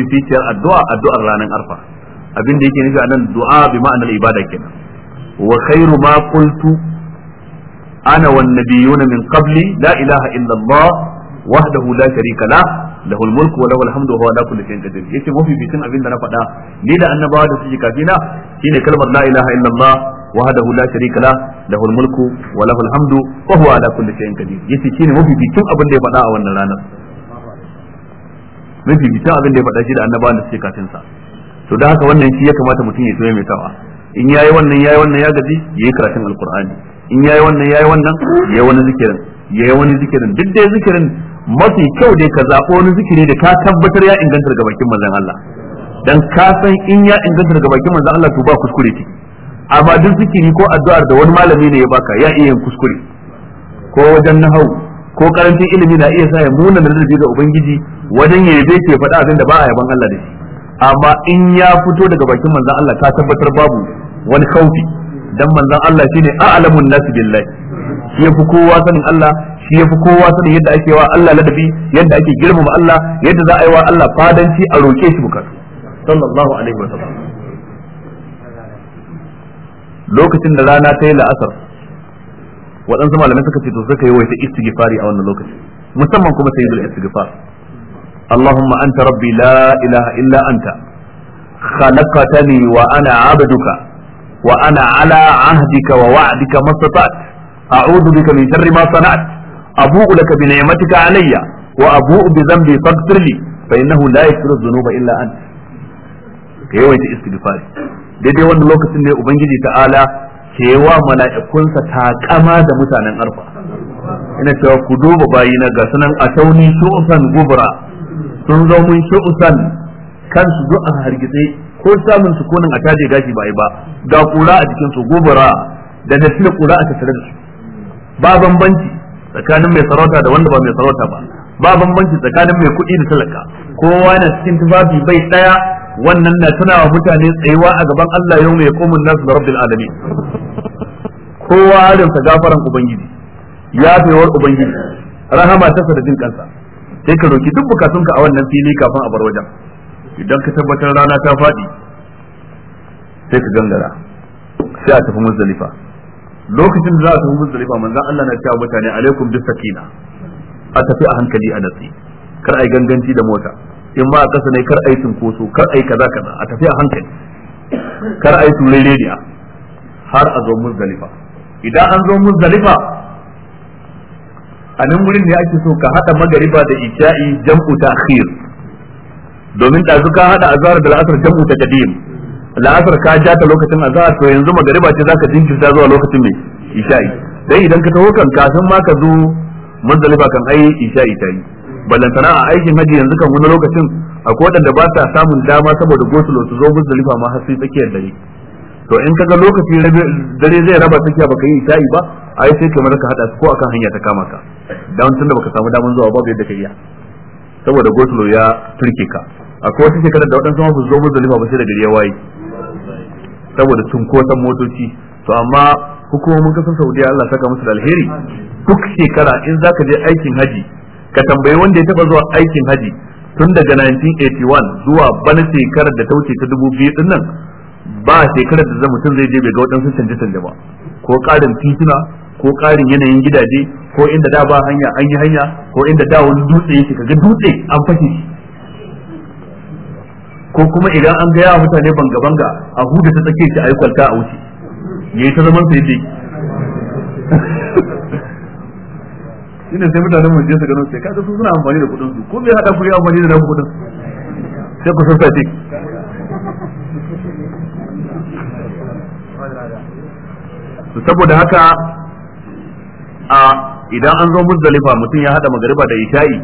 fifikiyar addu'a addu'ar ranar arfa abin da yake nufi a nan du'a bi ma'anar ibada kenan wa khairu ma qultu ana wan nabiyuna min qabli la ilaha illa Allah wahdahu la sharika la lahu mulku wa lahu al-hamdu wa huwa ala kulli shay'in qadir yace mafi abin da na faɗa ni da annabawa da suke kafina shine kalmar la ilaha illa Allah وحده لا شريك له له الملك وله الحمد وهو على كل شيء قدير yace shine mafificin abin da ya faɗa a wannan ranar mafificin abin da ya faɗa shi da annabawan da suke kafin sa to da haka wannan shi ya kamata mutum ya tsoye mai tawa in yayi wannan yayi wannan ya gaji yayi karatun alqur'ani in yayi wannan yayi wannan yayi wani zikirin yayi wani zikirin duk da zikirin mafi kyau dai ka zaɓo wani zikiri da ka tabbatar ya inganta daga bakin manzon Allah dan ka san in ya inganta daga bakin manzon Allah to ba kuskure ki amma duk zikiri ko addu'ar da wani malami ne ya baka ya iya yin kuskure ko wajen nahau ko karancin ilimi na iya sa ya muna ladabi ga ubangiji wajen ya yabe ke faɗa abin da ba a yaban Allah da shi amma in ya fito daga bakin manzon Allah ta tabbatar babu wani kaufi dan manzon Allah shine a'lamun nas billahi shi yafi kowa sanin Allah shi yafi kowa sanin yadda ake wa Allah ladabi yadda ake girmama Allah yadda za a yi wa Allah fadanci a roke shi bukatu sallallahu alaihi wasallam lokacin da rana ta yi la'asar waɗansu malamai suka ce to suka yi waita istighfari a wannan lokaci musamman kuma sai yi istighfar Allahuma anta rabbi la ilaha illa anta khalaqtani wa ana abduka wa ana ala ahdika wa wa'dika mastata'at a'udhu bika min sharri ma sana'at abu'u laka bi ni'matika alayya wa abu'u bi dhanbi faghfir li fa innahu la yaghfiru dhunuba illa anta kai waita istighfari daidai wannan lokacin ne ubangiji ta'ala ke wa mala'ikunsa kama da mutanen arfa ina cewa ku duba bayina ga sunan a tauni shu'usan gubra sun zo mun shu'usan kansu duk a hargitse ko samun su konin a taje gashi ba ba ga kura a jikin su gubra da tilu kura a tattare da su ba bambanci tsakanin mai sarauta da wanda ba mai sarauta ba ba bambanci tsakanin mai kuɗi da talaka kowa na cikin tufafi bai ɗaya wannan na tunawa mutane tsayuwa a gaban Allah yau mai komun nasu da rabbil alamin kowa da sa gafaran ubangiji war ubangiji rahama ta sa da jin kansa sai ka roki duk bukatunka a wannan fili kafin a bar wajen idan ka tabbatar rana ta faɗi sai ka gangara sai a tafi muzdalifa lokacin da za a tafi muzdalifa manzon Allah na cewa mutane alaikum bis sakina a tafi a hankali a natsi kar ai ganganci da mota in ma a kasa ne kar ai cinkoso kar ai kaza kaza a tafi a hankali kar ai rediya har a zo muzdalifa idan an zo muzdalifa a nan gurin ne ake so ka hada magariba da isha'i jam'u ta'khir domin da ka hada azhar da al'asr jam'u ta qadim al'asr ka ja ta lokacin azhar to yanzu magariba ce zaka jinkirta zuwa lokacin mai isha'i dai idan ka taho kan kafin ma ka zo muzdalifa kan ai isha'i ta yi ballantana a aikin haji yanzu kan wani lokacin akwai wadanda ba sa samun dama saboda gosulo su zo muzdalifa ma har sai tsakiyar dare to in kaga lokaci dare zai raba tsakiya baka yi ta'i ba ai sai kamar ka hada ko akan hanya ta kama ka dan tunda baka samu daman zuwa babu yadda ka iya saboda gosulo ya turke ka akwai wata shekara da waɗansu masu zo muzdalifa ba sai da gari ya waye saboda cunkoson motoci to amma hukumomin kasar saudiya allah saka musu da alheri duk shekara in zaka je aikin haji ka tambayi wanda ya taba zuwa aikin haji tun daga 1981 zuwa bana shekarar da ta wuce ta 2000 din nan ba shekarar da mutum zai je bai ga waɗansu canje-canje ba ko ƙarin tituna ko ƙarin yanayin gidaje ko inda da ba hanya an yi hanya ko inda da wani dutse yake kaga dutse an fashe shi ko kuma idan an ga yawa mutane banga-banga a huda ta tsake shi a yi kwalta a wuce ya yi ta zaman sai dai shine sai mutanen mu je su gano sai kaga su suna amfani da kudin su ko bai hada ku amfani da kudin kuɗin sai ku sassace to saboda haka a idan an zo muzdalifa mutum ya hada magariba da isha'i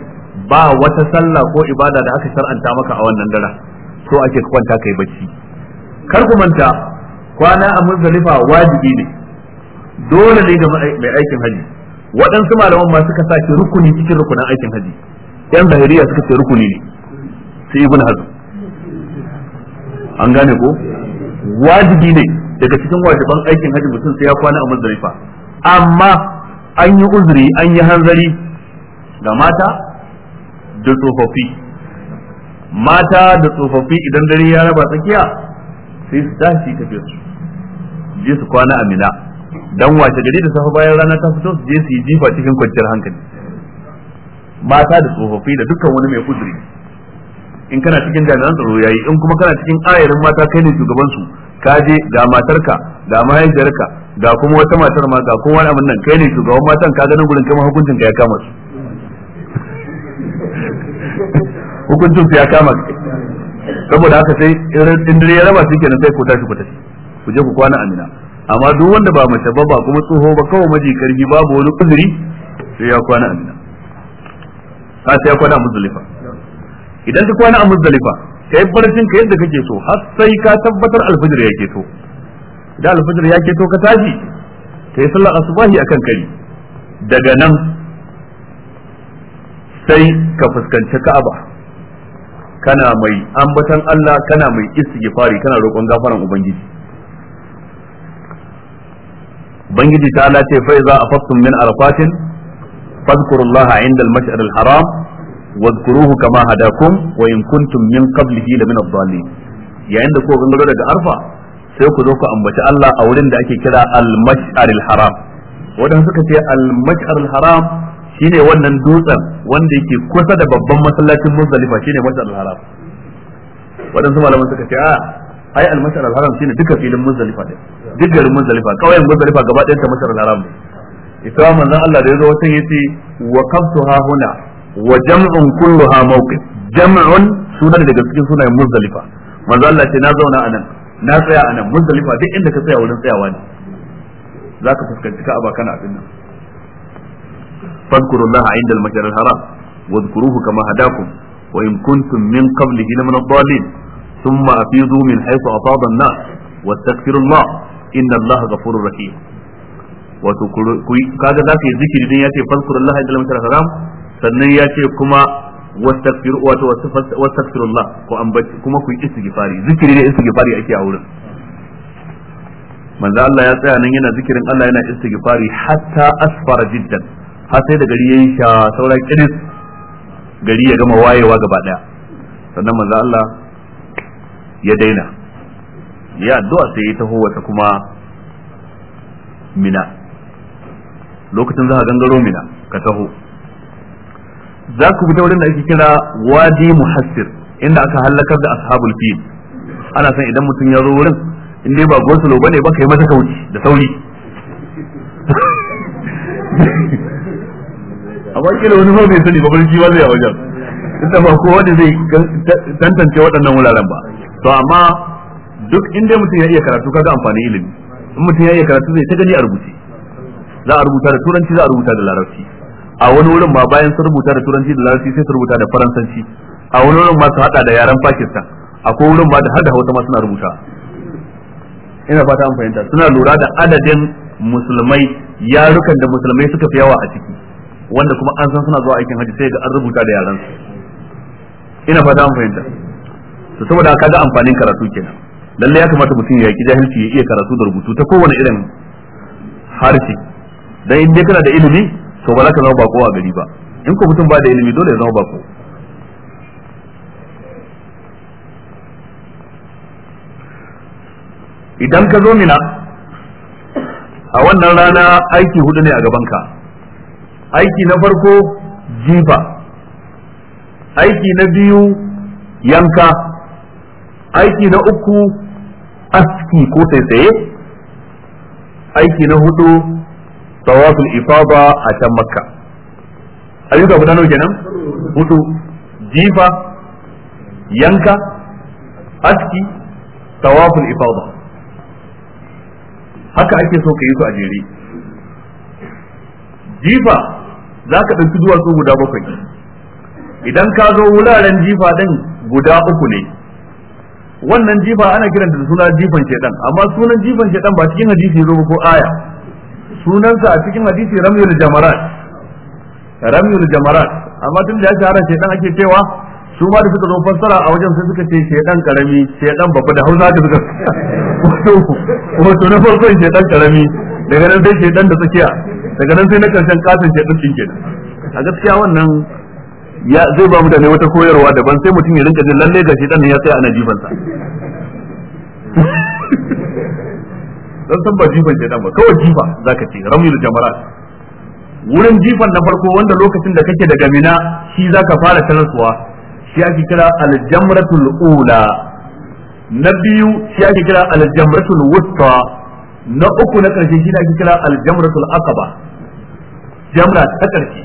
ba wata sallah ko ibada da aka shar'anta maka a wannan dara, so ake kwanta kai bacci kar ku manta kwana a muzdalifa wajibi ne dole ne ga mai aikin haji waɗansu malaman ma suka sake rukuni cikin rukunan aikin haji yan zahiriya suka ce rukuni ne sai ibn hazm an gane ko wajibi ne daga cikin wajiban aikin haji mutum sai ya kwana a muzdalifa amma an yi uzuri an yi hanzari ga mata da tsofaffi mata da tsofaffi idan dare ya raba tsakiya sai su tashi tafiya su je su kwana a mina dan wace gari da safa bayan rana ta fito su je su yi jifa cikin kwanciyar hankali mata da tsofaffi da dukkan wani mai kuduri in kana cikin jami'an tsaro yayi in kuma kana cikin ayarin mata kai ne shugaban su ka je ga matarka ga mahaifiyarka ga kuma wata matar ma ga kowa na nan kai ne shugaban matan ka ganin gurin kama hukuncin ka ya kama su hukuncin su ya kama saboda haka sai in dare ya raba shi kenan sai ku tashi ku tashi ku je ku kwana amina amma duk wanda ba mace ba ba kuma tsoho ba kawai maji karfi babu wani uzuri sai ya kwana amina ka sai ya kwana a muzdalifa idan ka kwana a muzdalifa kai barcin ka yadda kake so har sai ka tabbatar alfajir ya keto da alfajir ya keto ka tashi yi sallar asubahi akan kai daga nan sai ka fuskanci ka'aba kana mai ambatan Allah kana mai istighfari kana roƙon gafaran ubangiji ubangiji ta Allah ce fa iza afattum min arafatin fadhkurullaha inda al-mash'ar al-haram wadkuruhu kama hadakum wa in kuntum min qablihi la min ad-dallin yayin da kuka gangaro daga arfa sai ku zo ku ambaci Allah a wurin da ake kira al-mash'aril haram al haram shine wannan dutsen wanda yake kusa da babban masallacin Muzdalifa shine mash'aril haram wadansu malaman suka ce a ai al-mash'ar al-haram shine duka filin Muzdalifa ne. duk garin Muzdalifa kauyen Muzdalifa gaba ɗayan ta mash'ar haram ne ita manzon Allah da yazo wata yace wa qabtuha huna wa jam'un kulluha mawqif jam'un sunan daga cikin sunayen muzdalifa manzo Allah ce na zauna anan na tsaya anan muzdalifa duk inda ka tsaya wurin tsayawa ne zaka fuskanci ka ka'aba kana abin nan fadkurullaha inda al-mashar al-haram wadhkuruhu kama hadakum wa in kuntum min qablihi lamin ad-dallin thumma afidu min haythu afada an-nas wastaghfirullah inna Allah ghafurur rahim wato ku kaga za ka yi zikiri din yace ce fadkurullaha inda al-mashar al-haram sannan ya ce kuma wastaghfir wato wastaghfirullah ko ambaci kuma ku yi istighfari zikiri ne istighfari ake a wurin manzo Allah ya tsaya nan yana zikirin Allah yana istighfari hatta asfara jiddan har sai da gari yayin sha saura kiris gari ya gama wayewa gaba daya sannan manzo Allah ya daina ya addu'a sai ya taho wata kuma mina lokacin za ka gangaro mina ka taho za ku fita wurin da ake kira wadi muhassir inda aka halakar da ashabul fil ana san idan mutum ya zo wurin in dai ba gosulo bane ba kai mata kauci da sauri amma kila wani ma bai sani ba barci ba zai a wajen ita ba kowa da zai tantance waɗannan wuraren ba to amma duk inda mutum ya iya karatu kaga amfani ilimi in mutum ya iya karatu zai ta gani a rubuce za a rubuta da turanci za a rubuta da larabci a wani wurin ma bayan sun rubuta da turanci da larabci sai su rubuta da faransanci a wani wurin ma su hada da yaren pakistan a ko wurin ma da har da hausa ma suna rubuta ina fata an fahimta suna lura da adadin musulmai yarukan da musulmai suka fi yawa a ciki wanda kuma an san suna zuwa aikin hajji sai ga an rubuta da yaran su ina fata an fahimta to saboda ka ga amfanin karatu kenan lalle ya kamata mutum ya yi jahilci ya iya karatu da rubutu ta kowane irin harshe dan in dai kana da ilimi to ba za ka zama bako a gari ba in ko mutum ba da ilimi dole ya zama bako idan ka zo mina a wannan rana aiki hudu ne a gabanka aiki na farko jifa aiki na biyu yanka aiki na uku aski ko tsaye aiki na hudu tawaful ifada a can makka ayyuka guda nawa kenan hudu jifa yanka aski tawaful ifada haka ake so ka yi su a jere jifa za ka ɗauki duwatsu guda bakwai idan ka zo wuraren jifa ɗin guda uku ne wannan jifa ana kiranta da suna jifan shedan amma sunan jifan shedan ba cikin hadisi zo ko aya sunansa a cikin hadisi ramyul jamarat ramyul jamarat amma tun da ya shahara shedan ake cewa su ma da suka zo fassara a wajen sai suka ce shedan karami shedan babba da hausa da suka wato na farkon shedan karami daga nan sai shedan da tsakiya daga nan sai na karshen kasan shedan din kenan a gaskiya wannan ya zai ba mutane wata koyarwa daban sai mutum ya rinka jin lalle ga shedan ne ya tsaya ana jifansa dan san ba jifan nan ba kawai jifa zaka ce ramil jamarat wurin jifan na farko wanda lokacin da kake daga mina shi zaka fara tarasuwa shi ake kira aljamratul ula na biyu shi ake kira aljamratul wusta na uku na karshe shi ake kira aljamratul aqaba jamra ta karshe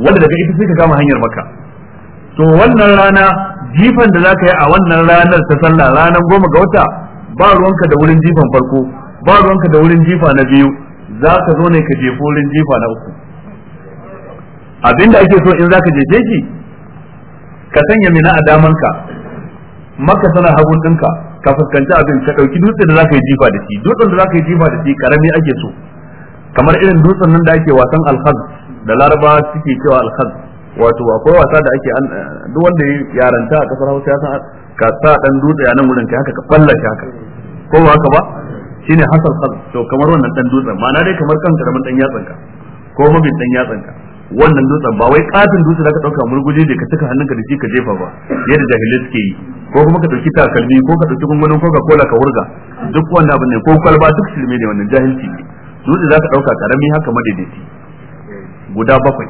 wanda daga ita sai ka kama hanyar maka to wannan rana jifan da zaka yi a wannan ranar ta sallah ranar goma ga wata ba ruwanka da wurin jifan farko ba ruwanka da wurin jifa na biyu za ka zo ne ka jefi wurin jifa na uku abinda ake so in za ka jefe shi ka sanya mina a damanka maka sana hagun ɗinka ka fuskanci abin ka ɗauki dutsen da za ka yi jifa da shi dutsen da za ka yi jifa da shi karami ake so kamar irin dutsen nan da ake wasan alhaz da laraba suke cewa alhaz wato akwai wasa da ake duk wanda ya yaranta a kasar hausa ya san ka sa dan dutse a nan wurin kai haka ka falla shi haka ko ba haka ba shine hasal khal to kamar wannan dan dutsen ma'ana dai kamar kan da dan yatsan ka ko mabin dan yatsan ka wannan dutsen ba wai katin dutsen zaka dauka murguje da ka saka hannunka da shi ka jefa ba yadda jahilai suke yi ko kuma ka dauki takalmi ko ka dauki gungunin ka kola ka wurga duk wannan abin ne ko kwalba duk shirme ne wannan jahilci ne dutse zaka dauka karami haka madaidaici guda bakwai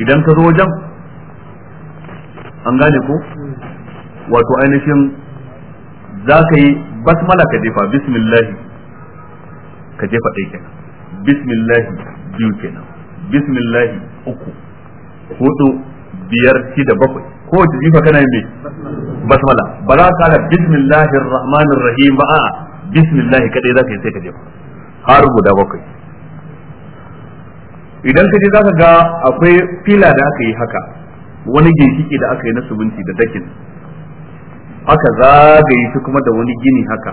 idan ka zo wajen an gane ko wato ainihin za ka yi basmala ka jefa bismillah ka jefa ɗaya kenan bismillah biyu kenan bismillah uku hudu biyar shida bakwai ko wace jifa kana yin mai basmala ba za ka kara bismillahir rahmanir rahim ba a bismillah kadai za ka yi sai ka jefa har guda bakwai idan ka je za ka ga akwai fila da aka yi haka wani ginshiki da aka yi na subunci da dakin aka zagaye shi kuma da wani gini haka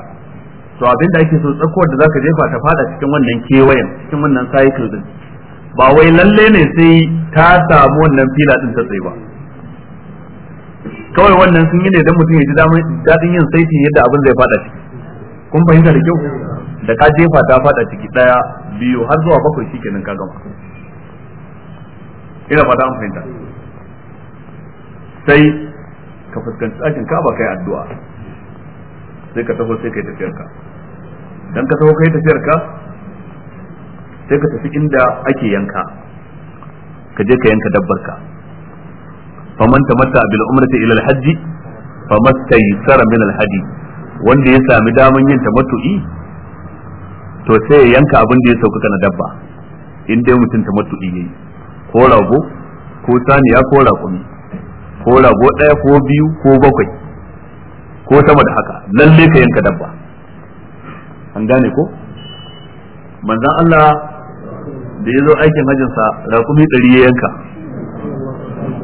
to abinda ake so tsakuwar da zaka jefa ta fada cikin wannan kewayen cikin wannan cycle din ba wai lalle ne sai ta samu wannan fila din ta tsaye ba kawai wannan sun yi ne dan mutum ya ji daɗin yin saiti yadda abin zai fada ciki kun fahimta da kyau da ka jefa ta fada ciki daya biyu har zuwa bakwai shikenan ka gama ina fata an fahimta sai ka fuskanci ɗakin ka ba kai addu'a sai ka taho sai kai tafiyar ka dan ka taho kai tafiyar ka sai ka tafi inda ake yanka ka je ka yanka dabbar ka faman tamatta bil umrati ila al hajj famastaysara min al hadi wanda ya sami daman yin tamattu'i to sai ya yanka abin da ya sauka na dabba in dai mutum tamattu'i yayi ko rago ko saniya ko raƙumi ko rago ɗaya ko biyu ko bakwai ko sama da haka lalle ka yanka dabba an gane ko manzan Allah da ya zo aikin hajjinsa raƙumi ɗari ya yanka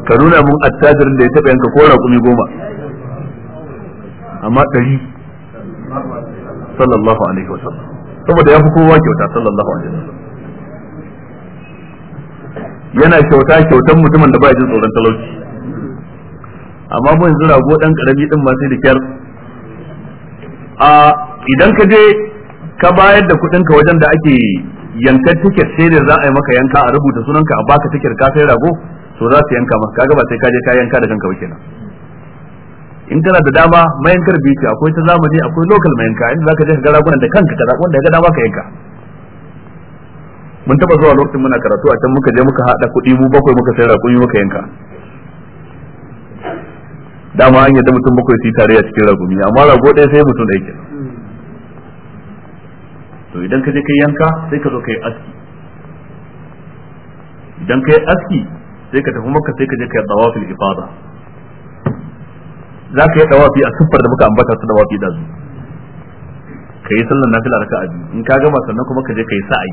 ka nuna mun attajirin da ya taɓa yanka ko raƙumi goma amma ɗari sallallahu alaihi wa saboda ya fi kowa kyauta sallallahu alaihi wa yana kyauta kyautan mutumin da ba jin tsoron talauci amma mun yanzu rago dan karami din ma sai da kyar a idan ka je ka bayar da kudin ka wajen da ake yankan tiket sai da za a yi maka yanka a rubuta sunanka a baka tiket ka sai rago to za su yanka maka kaga ba sai ka je ka yanka da kanka ba kenan in kana da dama mayankar biyu akwai ta zamani akwai local mayanka inda zaka je ka ga ragunan da kanka ka zaɓi wanda ya ga dama ka yanka mun taba zuwa lokacin muna karatu a can muka je muka hada kuɗi mu bakwai muka sai raƙumi muka yanka dama an yadda mutum bakwai su yi tarayya cikin ragumi amma rago ɗaya sai mutum ɗaya kenan to idan ka je kai yanka sai ka zo kai aski idan kai aski sai ka tafi maka sai ka je kai dawafil ifada za ka yi dawafi a siffar da muka ambata su dawafi da zu ka yi sallar nafila raka'a biyu in ka gama sannan kuma ka je kai sa'ayi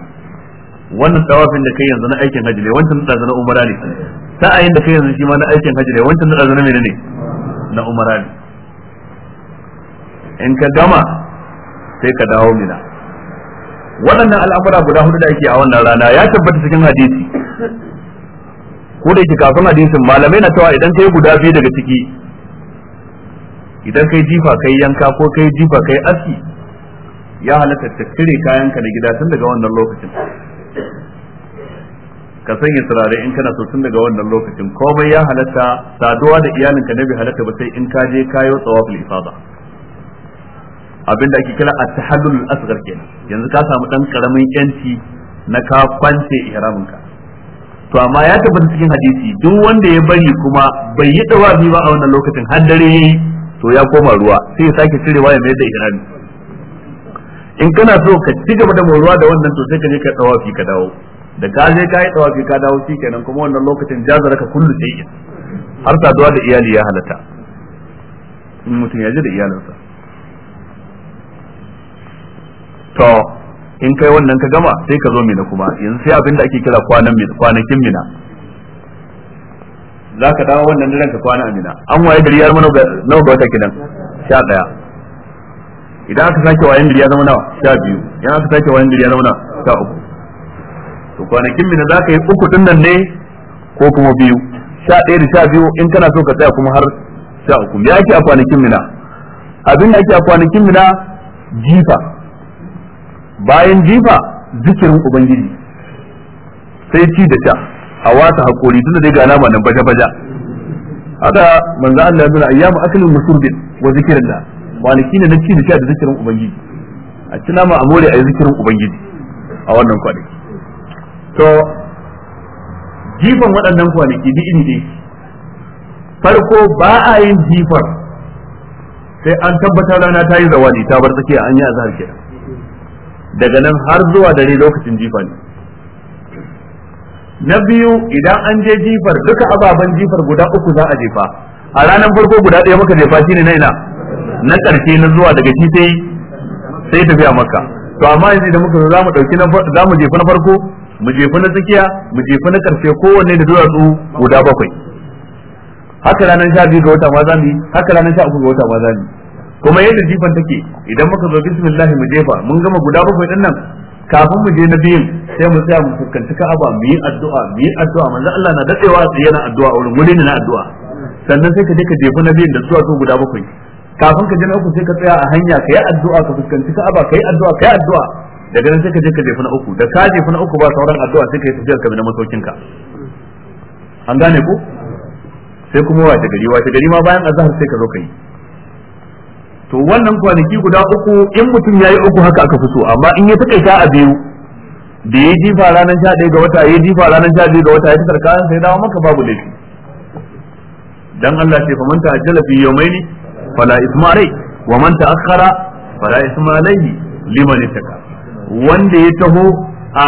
wannan dawafin da kai yanzu na aikin hajji ne wancan da na umara ne sa'ayin da kai yanzu shi ma na aikin hajji ne wancan da na menene ne na umara in ka gama sai ka dawo mina waɗannan al'amura guda hudu da ake a wannan rana ya tabbata cikin hadisi ko da yake kafin hadisin malamai na cewa idan kai guda biyu daga ciki idan kai jifa kai yanka ko kai jifa kai aski ya halatta ta cire kayanka da gida tun daga wannan lokacin ka sanya turare in kana so tun daga wannan lokacin komai ya halatta saduwa da iyalinka na bai halatta ba sai in ka je kayo tsawaful ifada abinda ake kira a tahallul asgar kenan yanzu ka samu dan karamin yanci na ka kwance ihraminka to amma ya tabbata cikin hadisi duk wanda ya bari kuma bai yi dawabi ba a wannan lokacin har dare to ya koma ruwa sai ya sake cirewa ya mayar da ihrami in kana so ka ci gaba da ruwa da wannan to sai ka je ka tsawafi ka dawo da ka je ka yi tawafi ka dawo kenan kuma wannan lokacin jazara ka kullu shay'in har saduwa da iyali ya halatta in mutum ya je da iyalinsa to in kai wannan ka gama sai ka zo mina kuma yanzu sai abin da ake kira kwanan kwanakin mina za ka dawo wannan daren ka kwana a mina an waye gari ya mana nawa ga wata kidan sha daya idan aka sake wayan gari ya zama nawa sha biyu idan aka sake wayan gari ya zama nawa sha uku to kwanakin mina za ka yi uku tun nan ne ko kuma biyu sha ɗaya da sha biyu in kana so ka tsaya kuma har sha uku me ake a kwanakin mina abin da ake a kwanakin mina jifa bayan jifa zikirin ubangiji sai ci da sha a wata hakori da dai ga nama nan baja-baja haka manzo Allah ya nuna ayyamu aklin musurbin wa zikrillah kwanaki ne na ci da sha da zikirin ubangiji a ci nama a more a yi zikirin ubangiji a wannan kwanaki to jifan waɗannan kwanaki duk iri ne farko ba a yin jifar sai an tabbatar rana ta yi zawadi ta bar tsakiya an yi azhar kenan daga nan har zuwa dare lokacin jifa ne na biyu idan an je jifar duka ababen jifar guda uku za a jefa a ranar farko guda ɗaya maka jefa shine na ina na ƙarshe na zuwa daga shi sai sai tafiya maka to amma yanzu idan muka zo za mu ɗauki za mu jefa na farko mu jefa na tsakiya mu jefa na karfe kowanne da duwatsu guda bakwai haka ranar sha biyu ga wata ma zamu yi haka ranar sha uku ga wata ma zamu yi kuma yadda jifan take idan muka zo bismillah mu jefa mun gama guda bakwai din nan kafin mu je na biyun sai mu tsaya mu fuskanci Ka'aba mu yi addu'a mu yi addu'a manzo Allah na dadewa a tsaye na addu'a wurin wurin na addu'a sannan sai ka je ka jefa na biyun da zuwa guda bakwai kafin ka je na uku sai ka tsaya a hanya ka yi addu'a ka fuskanci Ka'aba ka yi addu'a ka yi addu'a daga nan sai ka je ka jefa na uku da ka jefa na uku ba sauran addu'a sai ka yi tafiyar ka na masaukin ka an gane ko sai kuma wace gari wace gari ma bayan azhar sai ka zo ka yi to wannan kwanaki guda uku in mutum yayi uku haka aka fi so amma in ya takaita a biyu da ya jifa ranar sha ɗaya ga wata ya jifa ranar sha biyu ga wata ya fitar kayan sai dawo maka babu laifi dan Allah ce fa man ta'ajjala fi yawmaini fala isma alai wa man ta'akhkhara fala isma alaihi liman ittaka wanda ya taho a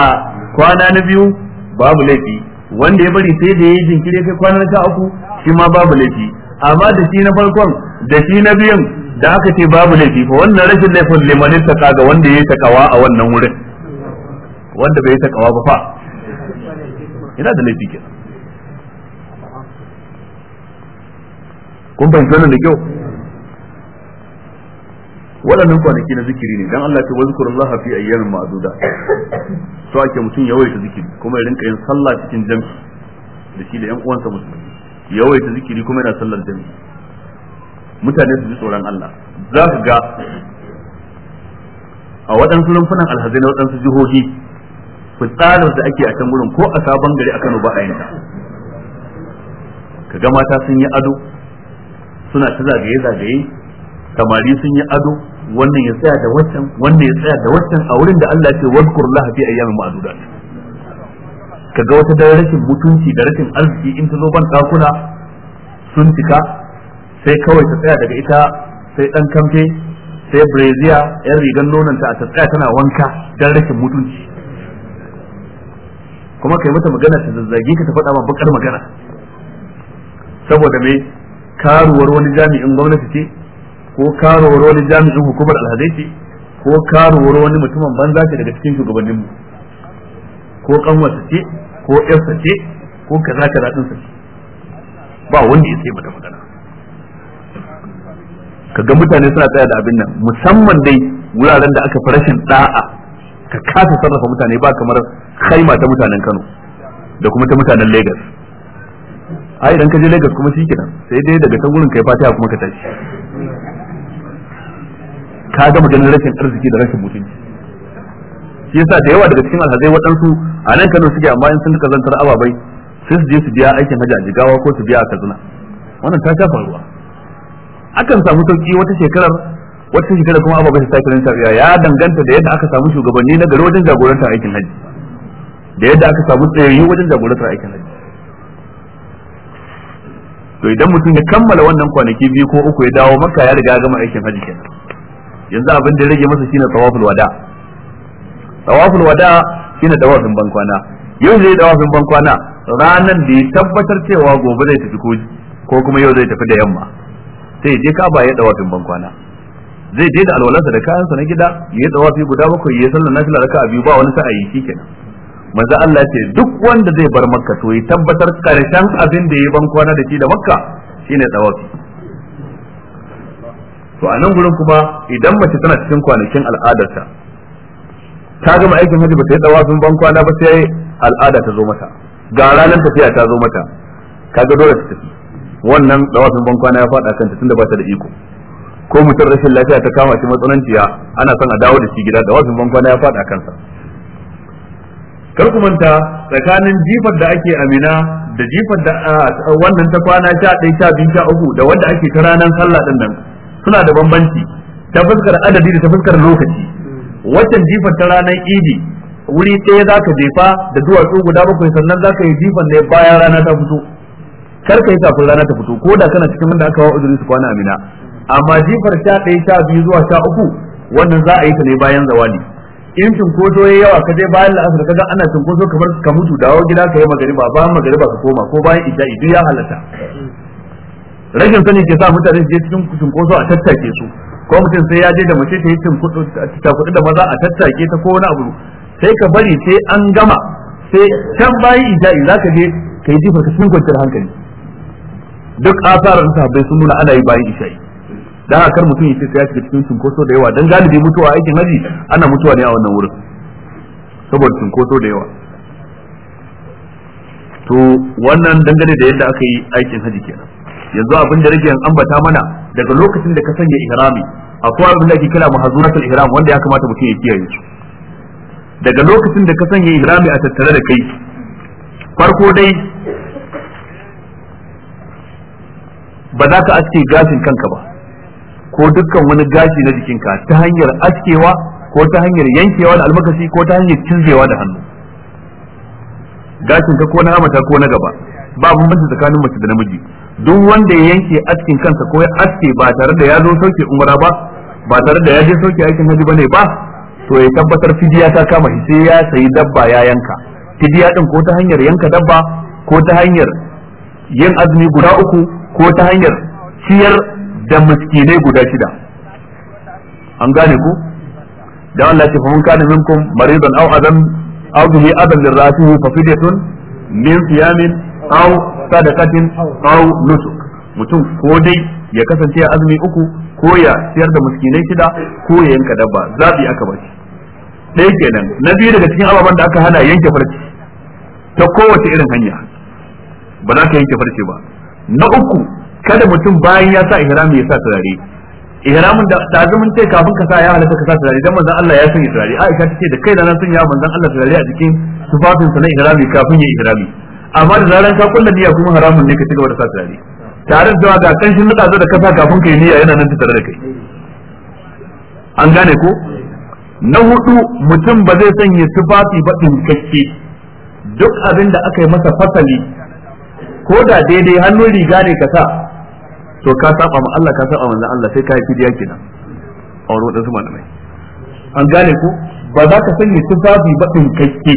kwana na biyu babu laifi wanda ya bari sai da ya yi jinkiri kai kwana na sha uku shi ma babu laifi amma da shi na farkon da shi na biyan da aka ce babu laifi ko wannan rashin laifin limanin taka ga wanda ya yi takawa a wannan wurin wanda bai yi takawa ba fa ina da laifi kenan kun fahimci wannan da kyau waɗannan kwanaki na zikiri ne dan Allah ya ce wazkurullaha fi ayyamin ma'duda to ake mutum waye zikiri kuma ya rinka yin sallah cikin jami'i da shi da ƴan uwansa musulmi waye zikiri kuma yana sallar jami'i mutane su ji tsoron Allah za ka ga a waɗansu rumfunan alhazai na waɗansu jihohi fitsarar da ake a can gurin ko a sabon gari a Kano ba a yanka? ka ga mata sun yi ado suna ta zagaye-zagaye samari sun yi ado wannan ya tsaya da waccan wannan ya tsaya da waccan a wurin da Allah ce wadkur laha fi ayyamin ma'dudat kaga wata da rashin mutunci da rashin arziki in ta zo ban dakuna sun cika sai kawai ta tsaya daga ita sai dan kamfe sai breziya yan rigan ta a ta tsaya tana wanka dan rashin mutunci kuma kai mata magana ta zazzage ka ta faɗa ma bakar magana saboda me karuwar wani jami'in gwamnati ce ko karowar wani jami'in hukumar alhadai ko karowar wani mutumin banza ce daga cikin shugabannin mu ko kanwarsa ce ko yarsa ce ko kaza kaza din ce ba wanda ya sai mata magana kaga mutane suna tsaya da abin nan musamman dai wuraren da aka fi rashin da'a ka kasa sarrafa mutane ba kamar khaima ta mutanen Kano da kuma ta mutanen Lagos a idan ka je Lagos kuma shikenan sai dai daga can gurin kai fatiha kuma ka tashi ka ga ganin rashin arziki da rashin mutunci shi yasa da yawa daga cikin alhazai waɗansu a nan Kano suke amma in sun kazantar ababai sai su je su biya aikin hajji a Jigawa ko su biya a Kaduna wannan ta shafa ruwa akan samu sauki wata shekarar wata shekarar kuma ababai su sake ranta ya danganta da yadda aka samu shugabanni na gari wajen jagorantar aikin hajji da yadda aka samu tsayayyu wajen jagorantar aikin hajji to idan mutum ya kammala wannan kwanaki biyu ko uku ya dawo maka ya riga gama aikin hajji kenan yanzu abin da ya rage masa shine tawaful wada tawaful wada shine tawafin bankwana yau zai tawafin bankwana ranan da ya tabbatar cewa gobe zai tafi koji ko kuma yau zai tafi da yamma sai je kaba ya tawafin bankwana zai je da alwalansa da kayansa na gida ya yi tawafi guda bakwai ya sallar nafila raka'a biyu ba wani sa'ayi shikenan manzo Allah ce duk wanda zai bar makka to ya tabbatar karshen abin da ya yi bankwana da shi da makka shine tawafi to a nan gurin kuma idan mace tana cikin kwanakin al'adarta ta gama aikin haji ba ta yi tsawafin ban kwana ba sai al'ada ta zo mata ga ranar tafiya ta zo mata kaga dole ta tafi wannan tsawafin ban kwana ya faɗa kanta tunda ba ta da iko ko mutum rashin lafiya ta kama shi matsananciya ana son a dawo da shi gida tsawafin ban kwana ya faɗa kansa kar ku manta tsakanin jifar da ake amina da jifar da wannan ta kwana sha ɗaya sha biyu sha uku da wanda ake ta ranar sallah ɗin nan suna da bambanci ta fuskar adadi da ta fuskar lokaci waccan jifan ta ranar idi wuri ɗaya za ka jefa da duwatsu guda bakwai sannan za ka yi jifan ne bayan rana ta fito kar ka yi kafin rana ta fito ko da kana cikin wanda aka wa uzuri su kwana amina amma jifar sha ɗaya sha biyu zuwa sha uku wannan za a yi ta ne bayan zawali in cinkoso ya yawa ka je bayan la'asar kaga ana cinkoso kamar ka mutu dawo gida ka yi magariba bayan magariba ka koma ko bayan isha'i duk ya halatta rashin sani ke sa mutane je cikin cunkoso a tattake su ko mutum sai ya je da mace ta yi kuɗi da maza a tattake ta ko wani abu sai ka bari sai an gama sai can bayi ija'i za ka je ka yi jifar ka cikin kwanciyar hankali duk asarar bai sun nuna ana yi bayan isha'i dan akar mutum yace sai ya shiga cikin cunkoso da yawa dan galibi mutuwa aikin haji ana mutuwa ne a wannan wurin saboda cunkoso da yawa to wannan dangane da yadda aka yi aikin haji kenan yanzu abin da rage ambata mana daga lokacin da ka sanya ihrami akwai abin da ake kira mahazuratul ihram wanda ya kamata mutum ya kiyaye shi daga lokacin da ka sanya ihrami a tattare da kai farko dai ba za ka aske gashin kanka ba ko dukkan wani gashi na jikinka ta hanyar askewa ko ta hanyar yankewa da almakashi ko ta hanyar cizewa da hannu gashin ka ko na Amata ko na gaba ba bambanci tsakanin mace da namiji duk wanda ya yanke askin kansa ko ya aske ba tare da ya zo sauke umra ba ba tare da ya je sauke aikin haji bane ba to ya tabbatar fidiya ta kama shi sai ya sayi dabba ya yanka fidiya din ko ta hanyar yanka dabba ko ta hanyar yin azumi guda uku ko ta hanyar ciyar da miskinai guda shida an gane ku da Allah ce fa mun minkum maridan aw adam aw bihi adam lirasihi fa fidyatun min siyamin aw sadaqatin aw nusuk mutum ko dai ya kasance ya azumi uku ko ya siyar da miskinai shida ko ya yanka dabba zabi aka ba shi ɗaya kenan na biyu daga cikin ababen da aka hana yanke farce ta kowace irin hanya ba za ka yanke farce ba na uku kada mutum bayan ya sa ihrami ya sa turare ihramin da tazumin ce kafin ka sa ya halatta ka sa turare dan manzon Allah ya sanya turare Aisha tace da kai da na sanya manzon Allah turare a cikin tufafin sa na ihrami kafin ya ihrami amma da zaran ka kulla niyya kuma haramun ne ka ci gaba da sa turare tare da cewa ga kanshin nuka zo da kasa kafin kai niyya yana nan tare da kai an gane ko na hudu mutum ba zai sanya tufafi ba dinkakke duk abin da aka yi masa fasali ko da daidai hannun riga ne ka sa to ka saba ma Allah ka saba manzon Allah sai ka yi fidiya kenan a wani wadansu malamai an gane ko ba za ka sanya tufafi ba dinkakke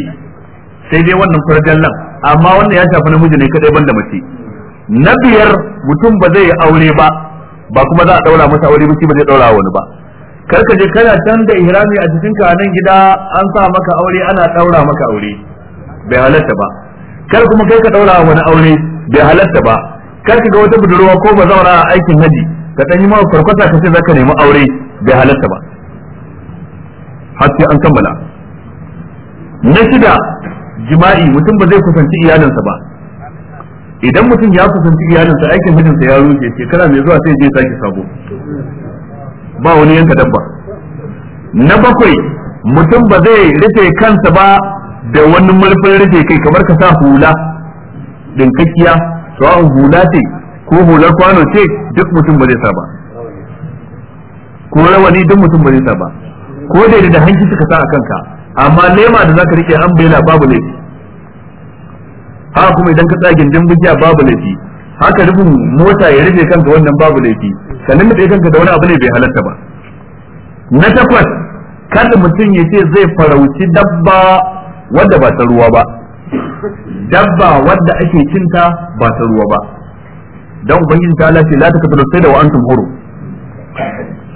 sai dai wannan nan amma wannan ya shafi namiji ne kadai banda mace na biyar mutum ba zai aure ba ba kuma za a daura masa aure ba shi ba zai daura wani ba kar ka je kana can da ihrami a cikin ka nan gida an sa maka aure ana daura maka aure bai halatta ba kar kuma kai ka daura wani aure bai halatta ba kar ka ga wata budurwa ko ba zaura a aikin haji ka dan yi mawa farkwata ka ce zaka nemi aure bai halatta ba har sai an kammala na shida jima'i mutum ba zai kusanci iyalinsa ba idan mutum ya kusanci iyalinsa aikin hajjinsa ya rushe shekara mai zuwa sai je sake sabo ba wani yanka dabba na bakwai mutum ba zai rufe kansa ba da wani marfin rufe kai kamar ka sa hula dinkakkiya sawa'un hula ce ko hular kwano ce duk mutum ba zai sa ba ko rawani duk mutum ba zai sa ba ko da da hanki suka sa a kanka amma lema da zaka rike an bayyana babu laifi haka kuma idan ka tsage gindin bugiya babu laifi haka rubun mota ya rufe kanka wannan babu laifi sannan da kanka da wani abu ne bai halatta ba na takwas kada mutum ya ce zai farauci dabba wadda ba ta ruwa ba dabba wadda ake cinta ba ta ruwa ba dan ubangiji ta lafi la ta kafa sai da wa antum huru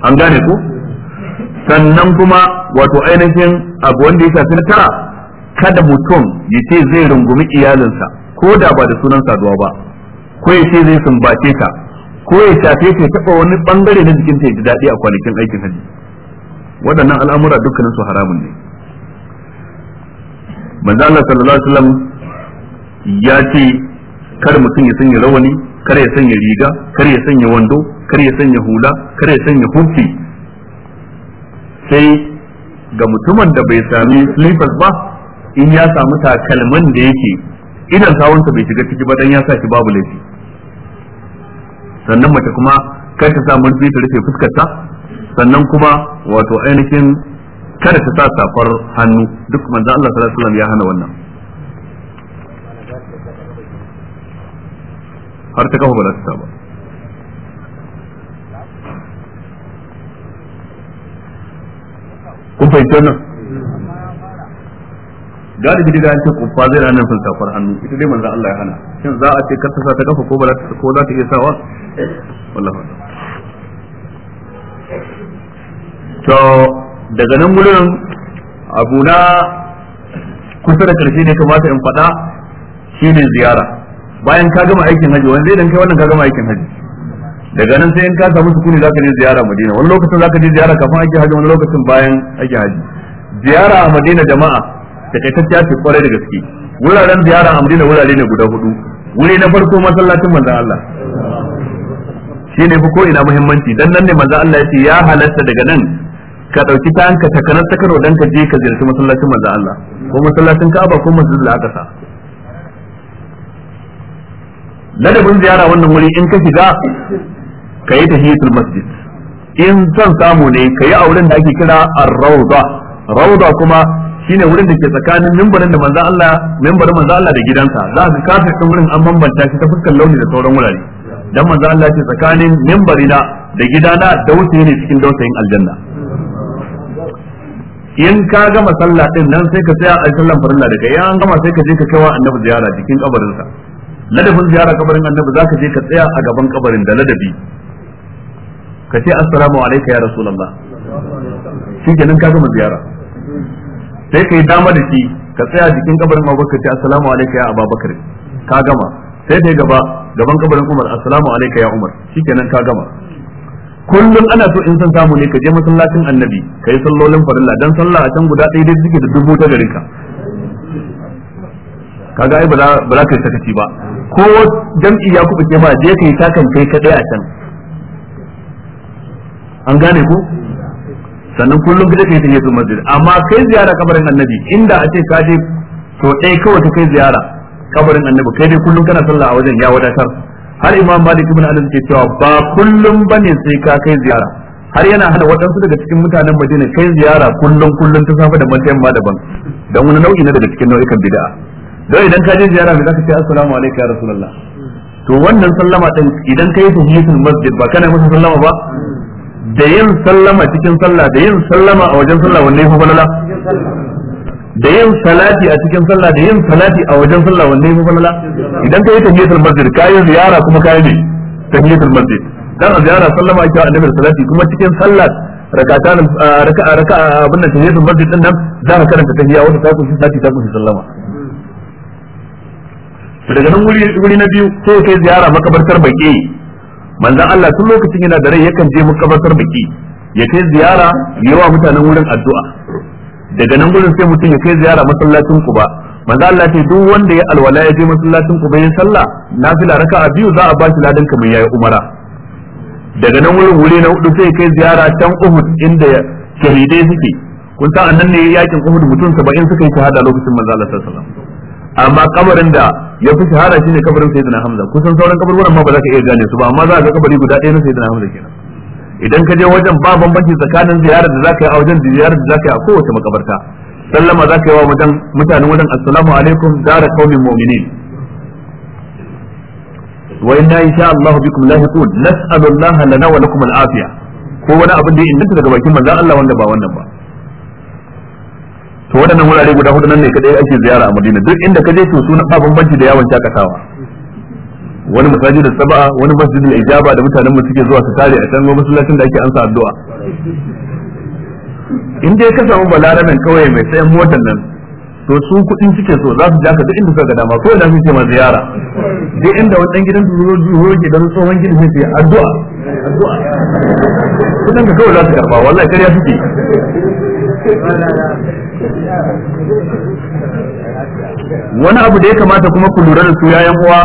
an gane ku? sannan kuma wato ainihin abu wanda ya shafi na tara kada mutum ya ce zai rungumi iyalinsa ko da ba da sunan saduwa ba ko ya ce zai sumbace ta ko ya shafe ta taba wani bangare na jikin ta ya ji daɗi a kwanakin aikin hajji waɗannan al'amura dukkanin su haramun ne manzo Allah sallallahu alaihi wasallam ya ce kar mutum ya sanya rawani kar ya sanya riga kar ya sanya wando kar ya sanya hula kar ya sanya hufi sai ga mutumin da bai sami slippers ba in ya samu takalman da yake idan sawunsa bai shiga ciki ba dan ya sa shi babu laifi sannan mace kuma kar ta sa murfi ta rufe fuskarta sannan kuma wato ainihin kada ta sa safar hannu duk manzo Allah sallallahu alaihi ya hana wannan har ta kafa ba za ba kun fahimci nan? galibi dai da an ce kuffa zai na nan falsafar hannu ita dai manzo Allah ya hana shin za a ce ta sa ta kafa ko ba ko za ta iya sawa wallahi to daga nan gurin abu na kusa da karshe ne kamata in faɗa shine ziyara bayan ka gama aikin haji wanda zai dan kai wannan ka gama aikin haji daga nan sai in ka samu sukuni zaka je ziyara Madina wani lokacin zaka je ziyara kafin ake haji wani lokacin bayan ake haji ziyara a Madina jama'a kai kaitacciya ce kwarai da gaske wuraren ziyara a Madina wurare ne guda hudu wuri na farko masallacin manzon Allah shine fa ko ina muhimmanci dan nan ne manzon Allah yace ya halatta daga nan ka dauki kayan ka ta karo dan ka je ka ziyarci masallacin manzon Allah ko masallacin Ka'aba ko masjidul Aqsa ladabin ziyara wannan wuri in ka shiga ka yi tahiyatul masjid in zan samu ne ka yi a wurin da ake kira ar-rawda rawda kuma shine wurin da ke tsakanin mimbarin da manzo Allah mimbarin manzo Allah da gidansa za ka kafa cikin wurin an bambanta shi ta fuskar launi da sauran wurare dan manzo Allah ce tsakanin mimbari na da gidana dausayi ne cikin dausayin aljanna in ka gama sallah din nan sai ka tsaya a sallan farilla daga ya an gama sai ka je ka kaiwa annabi ziyara cikin kabarinsa ladabin ziyara kabarin annabi ka je ka tsaya a gaban kabarin da ladabi ka ce assalamu alaikum ya rasulullah shi kenan ka gama ziyara sai ka yi dama da shi ka tsaya jikin kabarin Abubakar ce assalamu alaikum ya Abubakar ka gama sai dai gaba gaban kabarin Umar assalamu alaikum ya Umar shi kenan ka gama kullum ana so in san samu ne ka je masallacin annabi ka yi sallolin farilla dan sallah a can guda ɗaya dai suke da dubu ta garin ka kaga ai ba za ka yi sakaci ba ko jam'i ya kuɓuce ba je ka yi takan kai kaɗai a can an gane ku? sannan kullum ke kai tahiyatul masjid amma kai ziyara kabarin annabi inda a ce ka je to dai kawai ta kai ziyara kabarin annabi kai dai kullum kana sallah a wajen ya wadatar har imam malik ibn anas ke cewa ba kullum bane sai ka kai ziyara har yana hana waɗansu daga cikin mutanen madina kai ziyara kullum kullum ta safa da mata yamma daban dan wani nau'i na daga cikin nau'ikan bid'a don idan ka je ziyara mai zaka ce assalamu alaikum ya rasulullah to wannan sallama din idan kai tahiyatul masjid ba kana masa sallama ba da yin sallama cikin sallah da yin sallama a wajen sallah wanne yafi falala da yin salati a cikin sallah da yin salati a wajen sallah wanne yafi falala idan kai tahiyatul masjid kai ziyara kuma kai ne tahiyatul masjid dan a ziyara sallama ake wa annabi salati kuma cikin sallah rakatan raka'a raka'a abin da tahiyatul masjid din nan za ka karanta tahiyya wata ta kunshi salati ta kunshi sallama daga nan wuri na biyu sai kai ziyara makabartar baki manzan Allah tun lokacin yana da rai yakan je makabartar biki ya kai ziyara wa mutanen wurin addu'a daga nan gurin sai mutum ya kai ziyara masallacin ba manzan Allah ce duk wanda ya alwala ya je masallacin ku bayan sallah nafila a biyu za a ba shi ladan kamar yayi umara daga nan wurin wuri na hudu sai kai ziyara can Uhud inda shahidai suke kun san annan ne yakin Uhud mutum 70 suka yi shahada lokacin manzan Allah sallallahu alaihi wasallam amma kabarin da ya fi shahara shine kabarin sayyidina hamza kusan sauran kabarburan ma ba za ka iya gane su ba amma za ka ga kabari guda ɗaya na sayyidina hamza kenan idan ka je wajen ba bambanci tsakanin ziyarar da za ka yi a wajen ziyarar da za ka yi a kowace makabarta sallama za ka yi wa wajen mutanen wajen assalamu alaikum dara qaumin mu'minin wa inna insha Allah bikum lahiqun nas'alullaha lana wa lakum al-afiya ko wani abin da ya inganta daga bakin manzon Allah wanda ba wannan ba to waɗannan wurare guda hudu nan ne kadai ake ziyara a Madina duk inda ka je to suna ba bambanci da yawon shakatawa wani masajid sab'a wani masjid al-ijaba da mutanen mu suke zuwa su tare a can masallacin da ake ansa addu'a in dai ka samu balaramin kawai mai sayan motar nan to su kuɗin suke so za su ja ka duk inda suka ga dama ko da su ce ma ziyara duk inda wani dan gidan zuwa ke dan tsohon gidan sai addu'a addu'a kuɗin ka kawai za su karba wallahi kariya suke wani abu da ya kamata kuma ku lura da su yayan uwa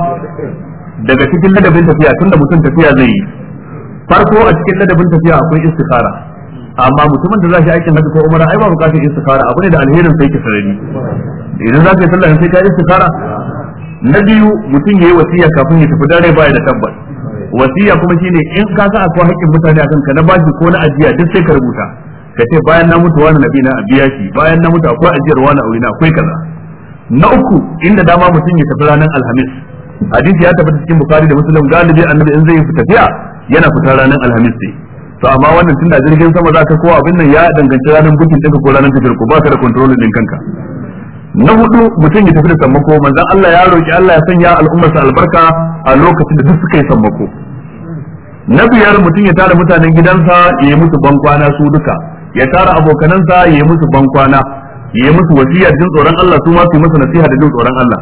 daga cikin ladabin tafiya tunda mutum tafiya zai yi farko a cikin ladabin tafiya akwai istikhara amma mutumin da za shi aikin hajji ko umara ai ba bukatar istikhara abu ne da alherin sai ki sarari idan za ka yi sallah sai ka istikhara na biyu mutum yayi wasiya kafin ya tafi dare baya da tabbas wasiya kuma shine in ka sa akwai haƙƙin mutane akan ka na bashi ko na ajiya duk sai ka rubuta ka ce bayan na mutu wani nabi na biya shi bayan na mutu akwai ajiyar wani aure na akwai kaza na uku inda dama mutum ya tafi ranar alhamis hadisi ya tafi cikin bukari da muslim galibi annabi in zai yi tafiya yana fita ranar alhamis ne to amma wannan tunda jirgin sama za ka kowa abin nan ya danganci ranar bukin ɗinka ko ranar tafiyar ko ba ka da kontrolin ɗin kanka na hudu mutum ya tafi da sammako manzon Allah ya roki Allah ya sanya sa albarka a lokacin da duk suka yi sammako na biyar mutum ya tara mutanen gidansa ya yi musu bankwana su duka ya tara abokanansa ya yi musu bankwana ya yi musu wasiya jin tsoron Allah su ma su yi masa nasiha da jin tsoron Allah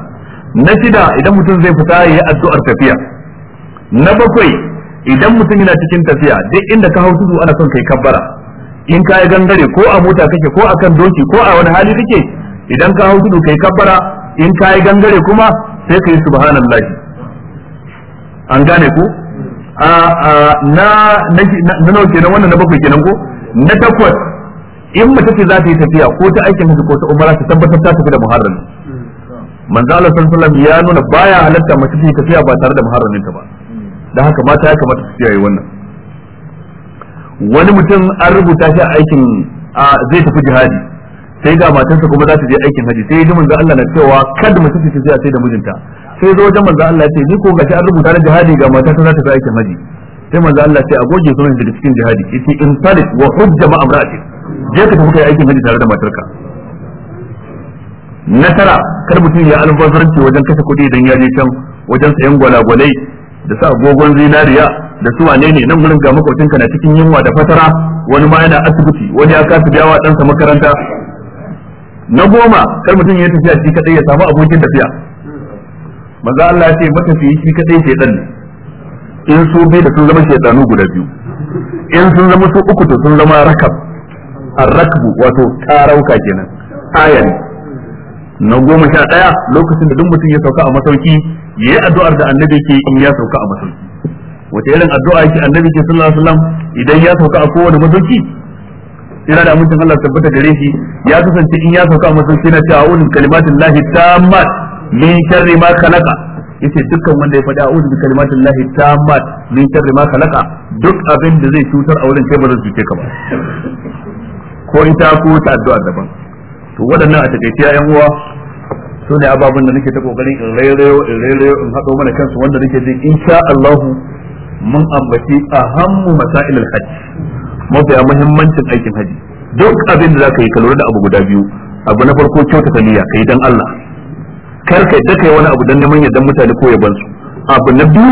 na shida idan mutum zai fita ya yi addu'ar tafiya na bakwai idan mutum yana cikin tafiya duk inda ka hau tudu ana son kai kabbara in ka yi gangare ko a mota kake ko a kan doki ko a wani hali kake idan ka hau tudu kai kabbara in ka yi gangare kuma sai ka yi subhanallah an gane ku a na na na wannan na bakwai kenan ko na takwas in mace ce za ta yi tafiya ko ta aikin hajji ko ta umara ta tabbatar ta tafi da muharrami manzo Allah sallallahu alaihi wasallam ya nuna baya halatta mace ce tafiya ba tare da muharramin ta ba dan haka mata ya kamata su yi wannan wani mutum an rubuta shi a aikin zai tafi jihadi sai ga matarsa kuma za ta je aikin haji sai ji manzo Allah na cewa kada mace ta tafiya sai da mijinta sai zo wajen manzo Allah ya ce ni ko gashi an rubuta na jihadi ga matarsa za ta tafi aikin haji sai manzo Allah sai agoge sunan daga cikin jihadi yace in salih wa hujja ma amratik je ka tafi kai aikin haji tare da matarka na tara kar mutum ya albazaranci wajen kashe kuɗi idan ya je can wajen sayan gwalagwalai da sa agogon zinariya da su wane ne nan gurin ga ka na cikin yunwa da fatara wani ma yana asibiti wani ya kasa biyawa ɗansa makaranta na goma kar mutum ya tafiya shi kadai ya samu abokin tafiya manzo Allah ya ce matafiyi shi kadai sai ne in su biyu da sun zama shaitanu guda biyu in sun zama su uku to sun zama rakab arrakbu wato tarauka kenan aya na goma sha ɗaya lokacin da duk mutum ya sauka a masauki ya yi addu'ar da annabi ke in ya sauka a masauki wata irin addu'a yake annabi ke sallallahu alaihi wasallam idan ya sauka a kowane masauki ina da amincin Allah tabbata gare shi ya kasance in ya sauka a masauki na ta'awun kalimatin lahi tammat min sharri ma khalaqa yace dukkan wanda ya faɗi a'udhu bi kalimatillahi tammat min sharri ma khalaqa duk abin da zai cutar a wurin sai ba zai ka ba ko ita ko ta addu'a daban to waɗannan a takaice ya uwa su ne ababen da nake ta kokarin in rairayo in rairayo in haɗo mana kansu wanda nake jin insha Allah mun ambaci ahammu masailul hajj mafi muhimmancin aikin haji duk abin da zaka yi ka lura da abu guda biyu abu na farko kyautata niyya kai dan Allah kar ka yadda kai wani abu dan neman yaddan mutane ko yaban su abu na biyu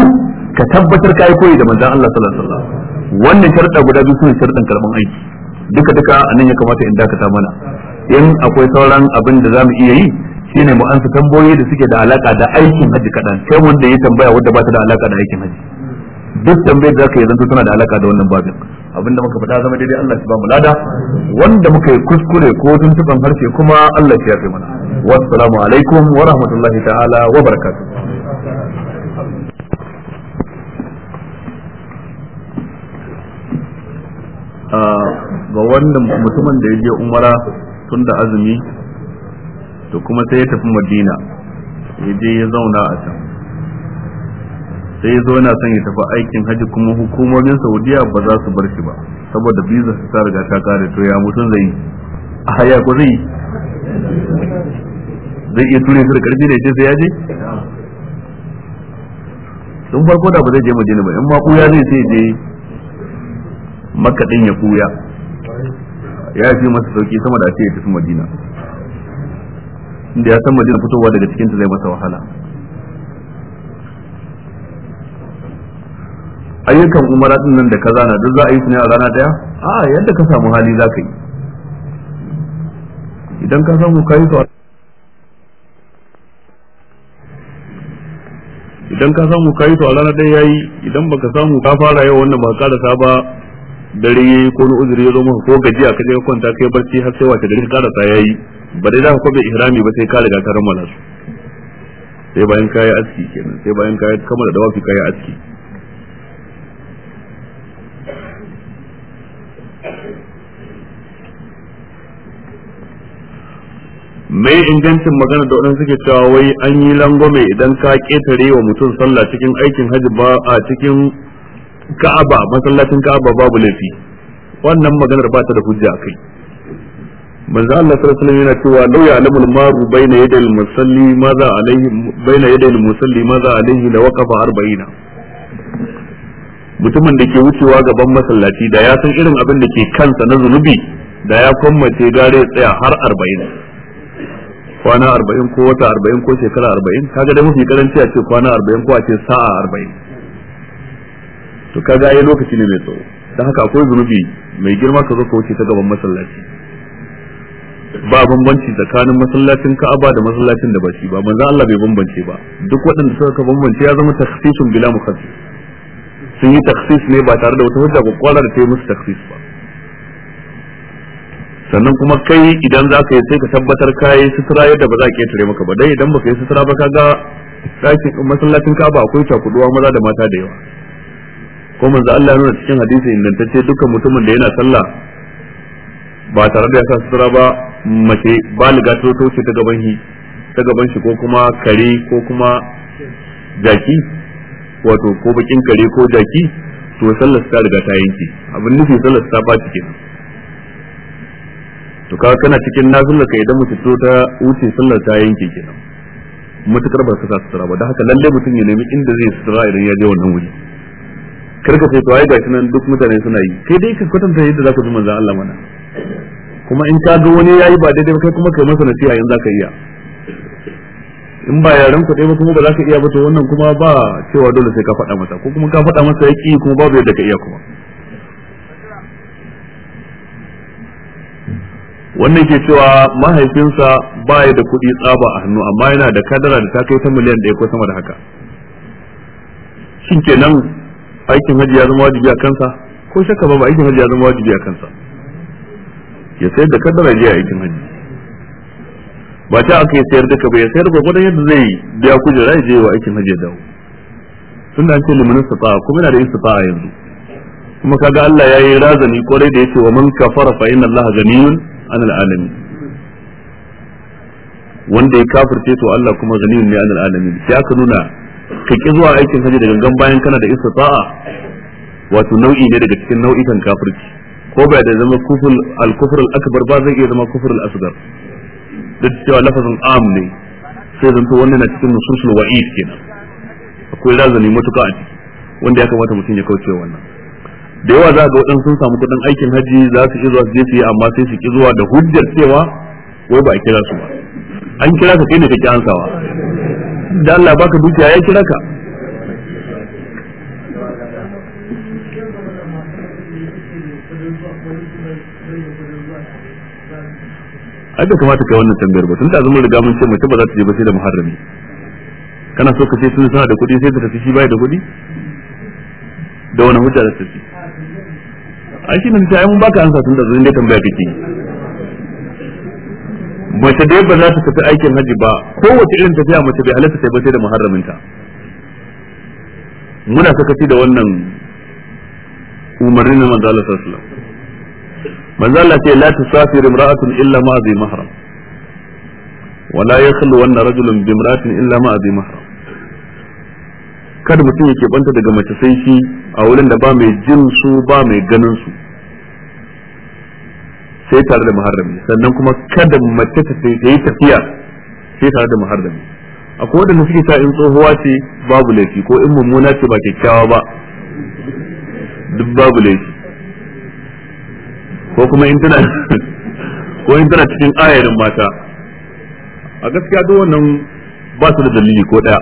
ka tabbatar ka yi koyi da manzon Allah sallallahu alaihi wasallam wannan sharda guda biyu sun sharɗan karban aiki duka duka anan ya kamata in dakata mana in akwai sauran abin da zamu iya yi shine mu ansa tambayoyi da suke da alaka da aikin haji kadan sai wanda ya tambaya wanda ba ta da alaka da aikin haji duk tambayar da zaka yi zanto tana da alaka da wannan babin abinda muka faɗa zama daidai Allah ya ba mu lada wanda muka yi kuskure ko tuntuban harshe kuma Allah ya kai mana والسلام alaikum ورحمة الله ta'ala wa barakatuh ah, ga wannan mutumin da ya je umara tun da azumi to kuma sai ya tafi madina ya je ya zauna a can sai ya zo yana son ya tafi aikin hajji kuma hukumomin saudiya ba za su bar shi ba saboda biza su ta riga ta kare to ya mutum zai a haya zai zai iya ture su da karfi ne ce sai ya je sun farko da ba zai je madina ba in ma kuya zai sai je makadin ya kuya ya fi masa sauki sama da ce ya tafi madina inda ya san madina fitowa daga cikin ta zai masa wahala ayyukan umara din nan da ka zana duk za a yi su ne a rana daya a yadda ka samu hali za ka yi idan ka samu ka yi idan ka samu ka yi to a rana ɗaya ya yi idan baka samu ka fara yau wannan ba karasa ba dare ya yi ko na uzuri ya zo maka ko gajiya ka je ka kwanta kai barci har sai wace dare ka karasa ya yi ba dai za ka kwabe ihrami ba sai ka riga ka rammala su sai bayan ka yi aski kenan sai bayan ka da dawafi ka yi aski mai ingancin magana da waɗansu suke cewa wai an yi langwame idan ka ƙetare wa mutum sallah cikin aikin hajji ba a cikin ka'aba masallacin ka'aba babu laifi wannan maganar ba ta da hujja a kai manzo Allah sallallahu alaihi wasallam yana cewa law ya'lamu maru baina yaday al-musalli madha alaihi baina yaday al-musalli madha alaihi la waqafa 40 mutumin da ke wucewa gaban masallaci da ya san irin abin da ke kansa na zunubi da ya kwammace gare tsaya har arba'in kwana arba'in ko wata arba'in ko shekara arba'in kaga dai mafi karanci a ce kwana arba'in ko a ce sa'a arba'in to kaga ai lokaci ne mai tsawo don haka akwai zunubi mai girma ka zo ka wuce ta gaban masallaci ba bambanci tsakanin masallacin Ka'aba da masallacin da ba shi ba manzo Allah bai bambance ba duk waɗanda suka bambance ya zama takhsisun bila mukhassis sun yi takhsis ne ba tare da wata hujja ko kwalar da ta yi musu takhsis ba sannan kuma kai idan za ka yi sai ka tabbatar ka yi sutura yadda ba za ka ketare maka ba dai idan ba ka yi sutura ba ka ga ɗakin masallacin kaba akwai cakuduwa maza da mata da yawa ko manzo Allah nuna cikin hadisi ce dukkan mutumin da yana sallah ba tare da ya sa sutura ba mace baliga ta ce ta gaban shi ta gaban shi ko kuma kare ko kuma jaki wato ko bakin kare ko jaki to sallar ta riga ta yanke abin nufi sallar ta ba cikin to ka kana cikin nafilar ka idan mace ta wuce sallar ta yanke kenan matukar ba ta sutura ba don haka lalle mutum ya nemi inda zai sutura idan ya je wannan wuri karka sai to ai gashi nan duk mutane suna yi kai dai ka kwatanta yadda zaka bi manzon Allah mana kuma in ka ga wani yayi ba daidai ba kai kuma kai masa nasiha yanzu zaka iya in ba yaran ku dai ba kuma ba za ka iya ba to wannan kuma ba cewa dole sai ka faɗa masa ko kuma ka faɗa masa yaki kuma babu yadda ka iya kuma wannan ke cewa mahaifinsa ba ya da kuɗi tsaba a hannu amma yana da kadara da ta kai ta miliyan ɗaya ko sama da haka shin kenan aikin hajji ya zama wajibi a kansa ko shakka ba aikin hajji ya zama wajibi a kansa ya sayar da kadara ya aikin hajji ba ta aka yi sayar da ba ya sayar gwagwadon yadda zai biya kujera ya je wa aikin hajji ya dawo tun da an ce limanin safa kuma yana da yin safa yanzu kuma kaga Allah ya yi razani kwarai da ya ce wa man kafara fa inna Allah ganiyun anil alamin wanda ya kafirce to Allah kuma ganiyun ne anil alamin sai aka nuna ka ki zuwa aikin haji da gangan bayan kana da istita'a wato nau'i ne daga cikin nau'ikan kafirci ko bai da zama kufur al-kufr al-akbar ba zai iya zama kufur al-asghar duk cewa lafazin am ne sai zan zanto wannan na cikin nususul wa'id kenan akwai razani matuka a ciki wanda ya kamata mutum ya kauce wannan da yawa za ga waɗansu sun samu kuɗin aikin hajji za su ki zuwa su je su yi amma sai su ki zuwa da hujjar cewa wai ba a kira su ba an kira ka kai ne kake ansawa da Allah baka dukiya ya kira ka ai da kamata kai wannan tambayar ba tun da zama riga mun ce mace ba za ta je ba sai da muharrami kana so ka ce sun sana da kuɗi sai ta tafi shi bai da kuɗi da wani hujja za ta tafi ai shi ne ta yi mun baka ansa tun da zan dai tambaya kake mace dai ba za ta tafi aikin haji ba kowace irin tafiya mace bai halatta ta ba sai da muharraminta muna sakaci da wannan umarnin na manzo Allah sallallahu alaihi wasallam manzo Allah ce la tusafir imra'atun illa ma bi mahram wa la yakhlu anna rajulun bi imra'atin illa ma bi mahram kada mutum ya banta daga mace sai shi a wurin da ba mai jin su ba mai ganin su sai tare da muharrami sannan kuma kada mace ta yi tafiya sai tare da muharrami akwai wadanda suke sa in tsohuwa ce babu laifi ko in mummuna ce ba kyakkyawa ba duk babu laifi ko kuma in tana ko in tana cikin ayarin mata a gaskiya duk wannan ba su da dalili ko daya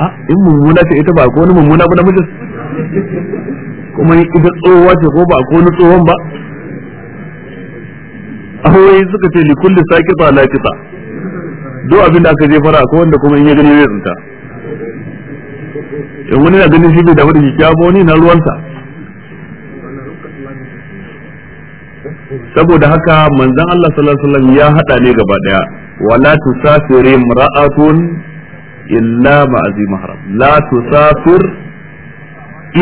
a in mummuna ce ita ba ko wani mummuna ba namijin kuma ita tsohuwa ce ko ba ko wani tsohon ba ahoyi suka ce li kulli sakita la kita duk abin da aka je fara ko wanda kuma in ya gani zai tsinta in wani na gani shi bai da da jiki ba wani na ruwansa saboda haka manzon Allah sallallahu alaihi wasallam ya hada ne gaba daya wala tusafiri imra'atun illa ma azim haram la tusafir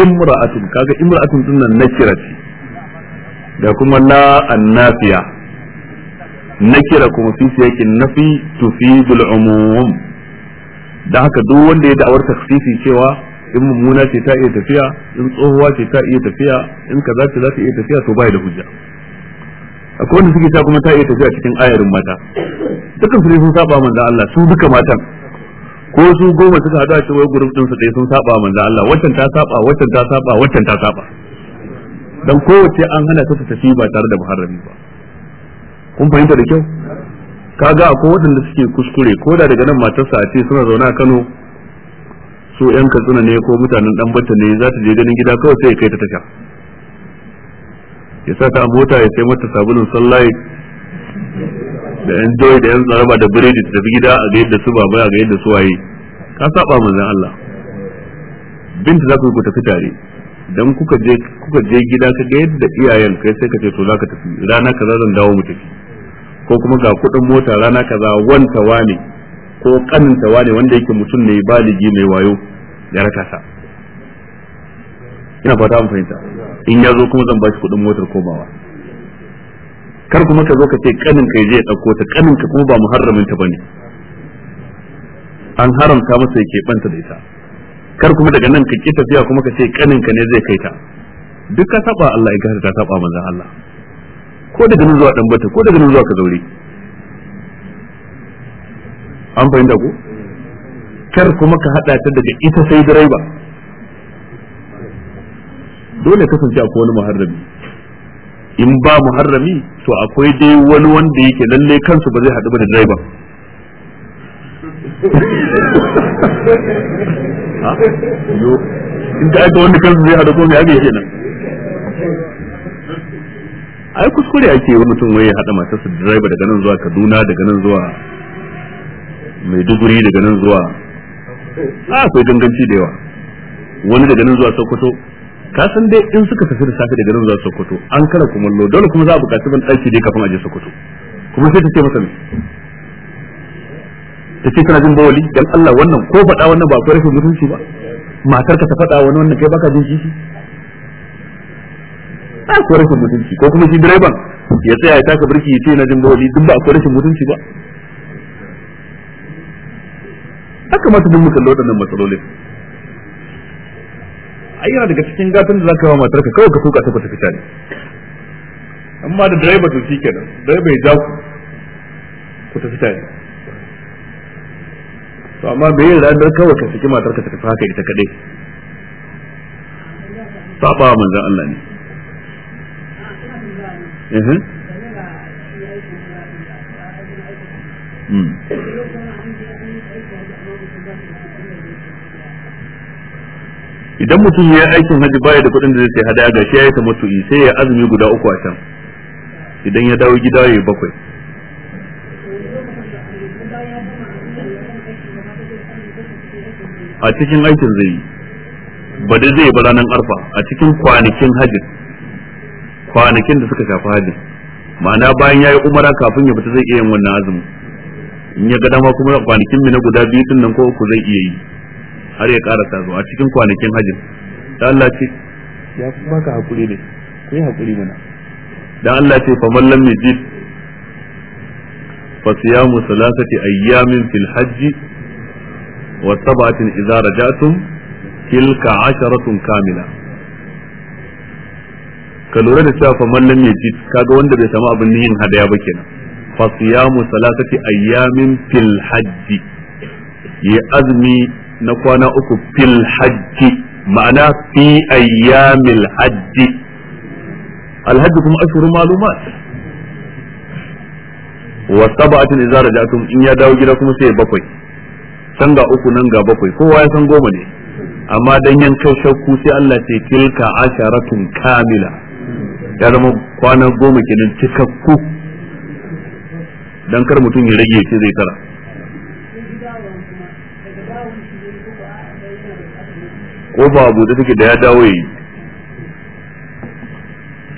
imra'atun kaga imra'atun din nan nakira ce da kuma la annafiya nakira kuma fi siyakin nafi tufidul umum da haka duk wanda ya da'awar tafsiri cewa in mummuna ce ta iya tafiya in tsohuwa ce ta iya tafiya in kaza ce za ta iya tafiya to bai da hujja akwai wanda suke ta kuma ta iya tafiya cikin ayarin mata dukkan su ne sun saba manzo Allah su duka matan ko su goma suka hadu a cewa gurup din su dai sun saba manzo Allah waccan ta saba waccan ta saba waccan ta saba dan kowace an hana ta tafi ba tare da muharrami ba kun fahimta da kyau kaga akwai waɗanda suke kuskure ko da daga nan matarsa a ce suna zaune a Kano su yan katsina ne ko mutanen dan bata ne za ta je ganin gida kawai sai ya kai ta tasha ya sa ta mota ya sai mata sabulun sallah da yan doyi da yan tsaraba da biredi da tafi gida a ga yadda su baba a ga yadda su waye ka saba manzon Allah binta za ku yi ku tafi tare dan kuka je kuka je gida ka ga yadda iyayen kai sai ka ce to zaka tafi rana kaza zan dawo mu tafi ko kuma ga kuɗin mota rana kaza wanta wane ko kanin wane ne wanda yake mutum ne baligi mai wayo ya raka sa ina fata an fahimta in ya zo kuma zan ba shi kuɗin motar komawa kar kuma ka zo ka ce kanin kai je dauko ta kanin ka kuma ba muharramin ta bane an haramta masa yake banta da ita kar kuma daga nan ka ki tafiya kuma ka ce kanin ka ne zai kai ta duk ka saba Allah ya gasa ta saba manzon Allah ko daga nan zuwa dambata ko daga nan zuwa ka zaure an fahimta ko kar kuma ka hada ta daga ita sai direba dole kasance akwai wani muharrami in ba muharrami to akwai dai wani wanda yake lalle kansu ba zai haɗu ba da direban in ka aika wanda kansu zai haɗu ko mai ake kenan ai kuskure ake wa mutum waye haɗa matarsa direba daga nan zuwa kaduna daga nan zuwa maiduguri daga nan zuwa ah, akwai ganganci da yawa wani daga nan zuwa sokoto ka san dai in suka tafi da safe daga nan za su Sokoto an kara kumallo dole kuma za a buƙaci ban ɗaki dai kafin a je Sokoto kuma sai ta ce masa ta ce kana jin bawali dan Allah wannan ko faɗa wannan ba ko rashin mutunci ba matar ka ta faɗa wani wannan kai baka jin shi ko rashin mutunci ko kuma shi direban ya tsaya ya taka birki ya ce na jin bawali duk ba ko rashin mutunci ba haka mata duk muka lodar nan matsalolin Ayyana daga cikin gafin da zaka yi wa matarka kawai ka kuka ta ba ta fita ne amma da direba to shikenan direba ya ja ku ku fita ne to amma yi da ranar kawai ka saki matarka ta tafi haka ita kadai saba wa manzon Allah ne eh idan mutum ya aikin haji baya da kuɗin da zai sai hadaya ga shi ya yi ta mutu'i sai ya azumi guda uku a can idan ya dawo gida ya yi bakwai a cikin aikin zai yi ba da zai ba ranar arfa a cikin kwanakin hajjin kwanakin da suka shafi hajjin ma'ana bayan ya yi umara kafin ya fita zai iya yin wannan azumi, in ya ga dama kuma kwanakin mina guda biyu din nan ko uku zai iya yi har ya ƙara karasa a cikin kwanakin hajjin dan Allah ce ya kuma ka hakuri ne ku yi hakuri mana dan Allah ce fa man lam yajid fa siyamu salasati ayyamin fil hajji wa sab'atin idza raja'tum tilka asharatun kamila ka lura da cewa fa man lam yajid kaga wanda bai samu abin yin hadaya ba kenan fa siyamu salasati ayyamin fil hajji ya azmi na kwana uku fil hajji ma'ana fi ayyamil hajji alhajji kuma ashhurun malumat wa sab'atin idza raja'tum in ya dawo gida kuma sai bakwai san ga uku nan ga bakwai kowa ya san goma ne amma dan yankan shakku sai Allah ce tilka asharatun kamila ya zama kwana goma kenan cikakku dan kar mutum ya rage ce zai tara ko ba abu da take da ya dawo yi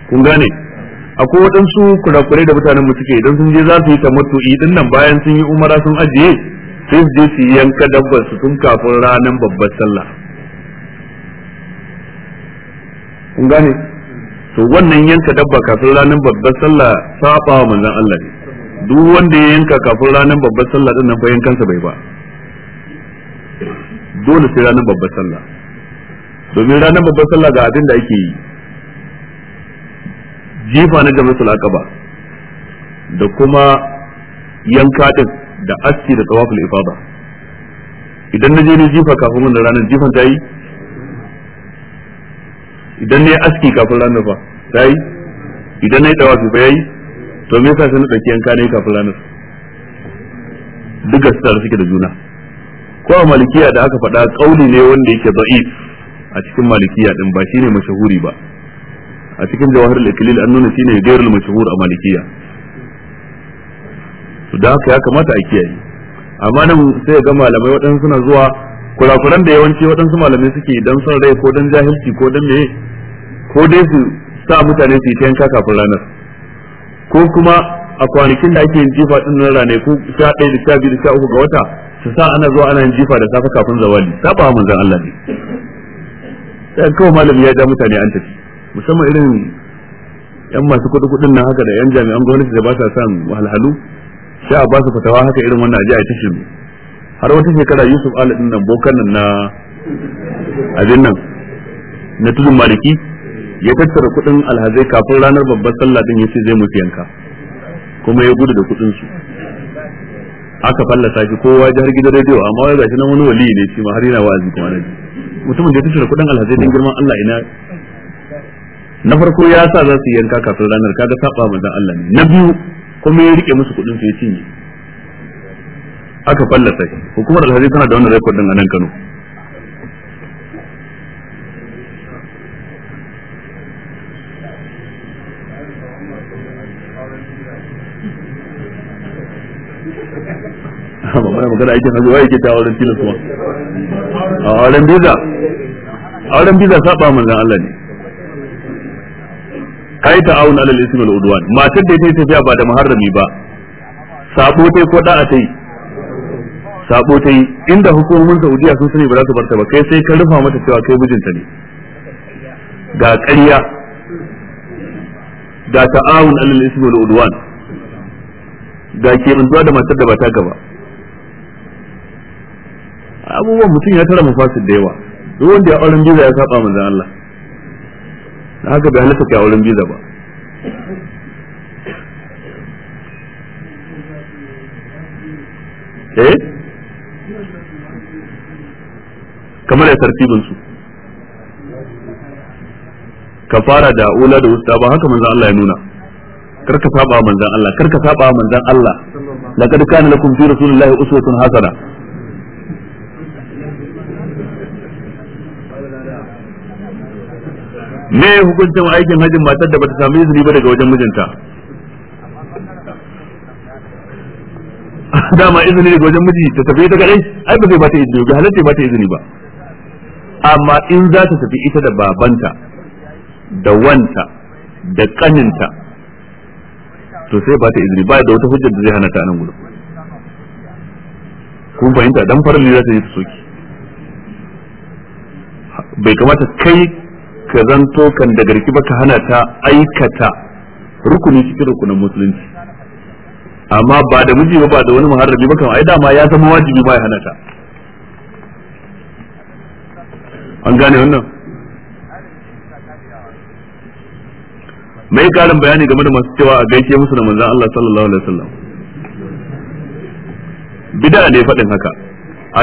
kun gane akwai waɗansu kurakurai da mutanen mu suke idan sun je za su yi tamattu'i din nan bayan sun yi umara sun ajiye sai su je su yanka dabbar su tun kafin ranar babbar sallah kun gane to wannan yanka dabba kafin ranar babbar sallah saba wa manzon Allah ne duk wanda ya yanka kafin ranar babbar sallah din nan fa yankansa bai ba dole sai ranar babbar sallah domin ranar babbar sallah ga abin da ake yi jifa na jami'ar ba da kuma yanka din da aski da tawaful ifada idan na je ni jifa kafin wannan ranar jifan ta yi idan na yi aski kafin ranar ba ta yi idan na yi tawafi ba ya yi to me yasa sai na ɗauki yanka ne kafin ranar duk gaskiya suke da juna ko a malikiya da aka faɗa kauli ne wanda yake ba'i. a cikin malikiya din ba shine mashahuri ba a cikin al iklil an nuna shine gairul mashhur a malikiya to da haka ya kamata a kiyaye amma nan sai ga malamai wadan suna zuwa kurakuran da yawanci waɗansu malamai suke dan son rai ko dan jahilci ko dan meye ko dai su sa mutane su yi ta yanka kafin ranar ko kuma a kwanakin da ake yin jifa din nan rane ko sha ɗaya da sha biyu da sha uku ga wata su sa ana zuwa ana yin jifa da safe kafin zawali saba manzon Allah ne dan eh, kawai malami ya ja mutane an tafi musamman irin yan masu kuɗi kuɗin nan haka da yan jami'an gwamnati da ba sa san wahalhalu sai a ba su fatawa haka irin wannan aje a tashi har wata shekara Yusuf ala din nan bokan nan na abin nan na tudun maliki ya tattara kuɗin alhazai kafin ranar babbar sallah din yace zai mutu yanka kuma ya gudu da kuɗin su aka fallasa shi kowa ya har gidan rediyo amma wani gashi nan wani wali ne shi ma har yana wa'azi kuma ji mutumin da ya tattara kuɗin alhazai don girman Allah ina na farko ya sa za su yi yanka kafin ranar kaga saba manzon Allah ne na biyu kuma ya rike musu kuɗin su ya cinye aka fallasa hukumar alhaji tana da wannan rekodin din a nan Kano ba mana magana aikin hajji wa yake ta wurin tilas kuma a auren biza auren biza saba manzon Allah ne kai ta auna alal ismi al udwan matar da take tafiya ba da muharrami ba sabo tai ko da'a tai sabo tai inda hukumomin Saudiya sun sani ba za su barta ba kai sai ka rufa mata cewa kai mijinta ne ga ƙarya ga ta'awun alal ismi wal udwan ga ke da matar da ba ta gaba abubuwan mutum ya tara mafasid da yawa duk wanda ya auren biza ya saba manzon Allah da haka bai halatta kai auren biza ba eh kamar ya tartibin su fara da ula da wusta ba haka manzon Allah ya nuna kar ka saba manzon Allah kar ka saba manzon Allah laqad kana lakum fi rasulillahi uswatun hasana me hukuncin aikin hajjin matar da bata samu izini ba daga wajen mijinta dama izini daga wajen miji ta tafi ta kadai ai ba zai bata izini ba halatta bata izini ba amma in za ta tafi ita da babanta da wanta da kaninta to sai ba ta izini ba da wata hujjar da zai hana ta nan gudu kun fahimta dan farin ne za ta yi soki bai kamata kai ka zanto kan da garki ba ka hana ta aikata rukuni cikin rukunin musulunci amma ba da miji ba da wani muharrabi ba kan ai dama ya zama wajibi ba ya hana ta an gane wannan mai karin bayani game da masu cewa a gaishe musu da manzan Allah sallallahu alaihi wasallam bid'a ne fadin haka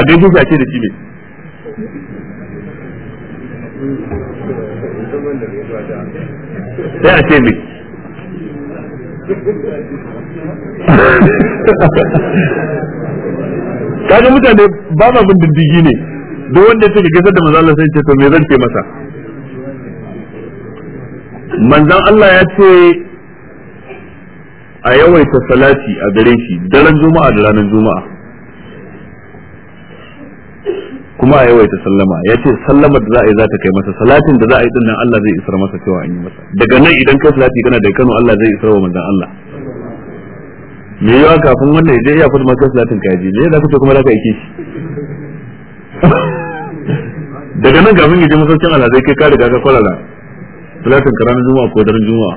a gaishe shi a ce da shi ne sai a ce me kaga mutane ba ma bin diddigi ne duk wanda ya ce ka da manzo Allah sai ce to me zan ce masa manzon Allah ya ce a yawaita salati a gare shi daren juma'a da ranar juma'a kuma a yawaita sallama ya ce sallamar da za a yi za ta kai masa salatin da za a yi dinnan Allah zai isar masa cewa an yi masa daga nan idan kai salati kana da Kano Allah zai isar wa manzon Allah me yawa kafin wannan idan ya fadi masa salatin ka ji za ka kuke kuma ka aike shi daga nan kafin yaje masaukin Allah zai kai ka riga ka kwalala salatin ka ranar juma'a ko daren juma'a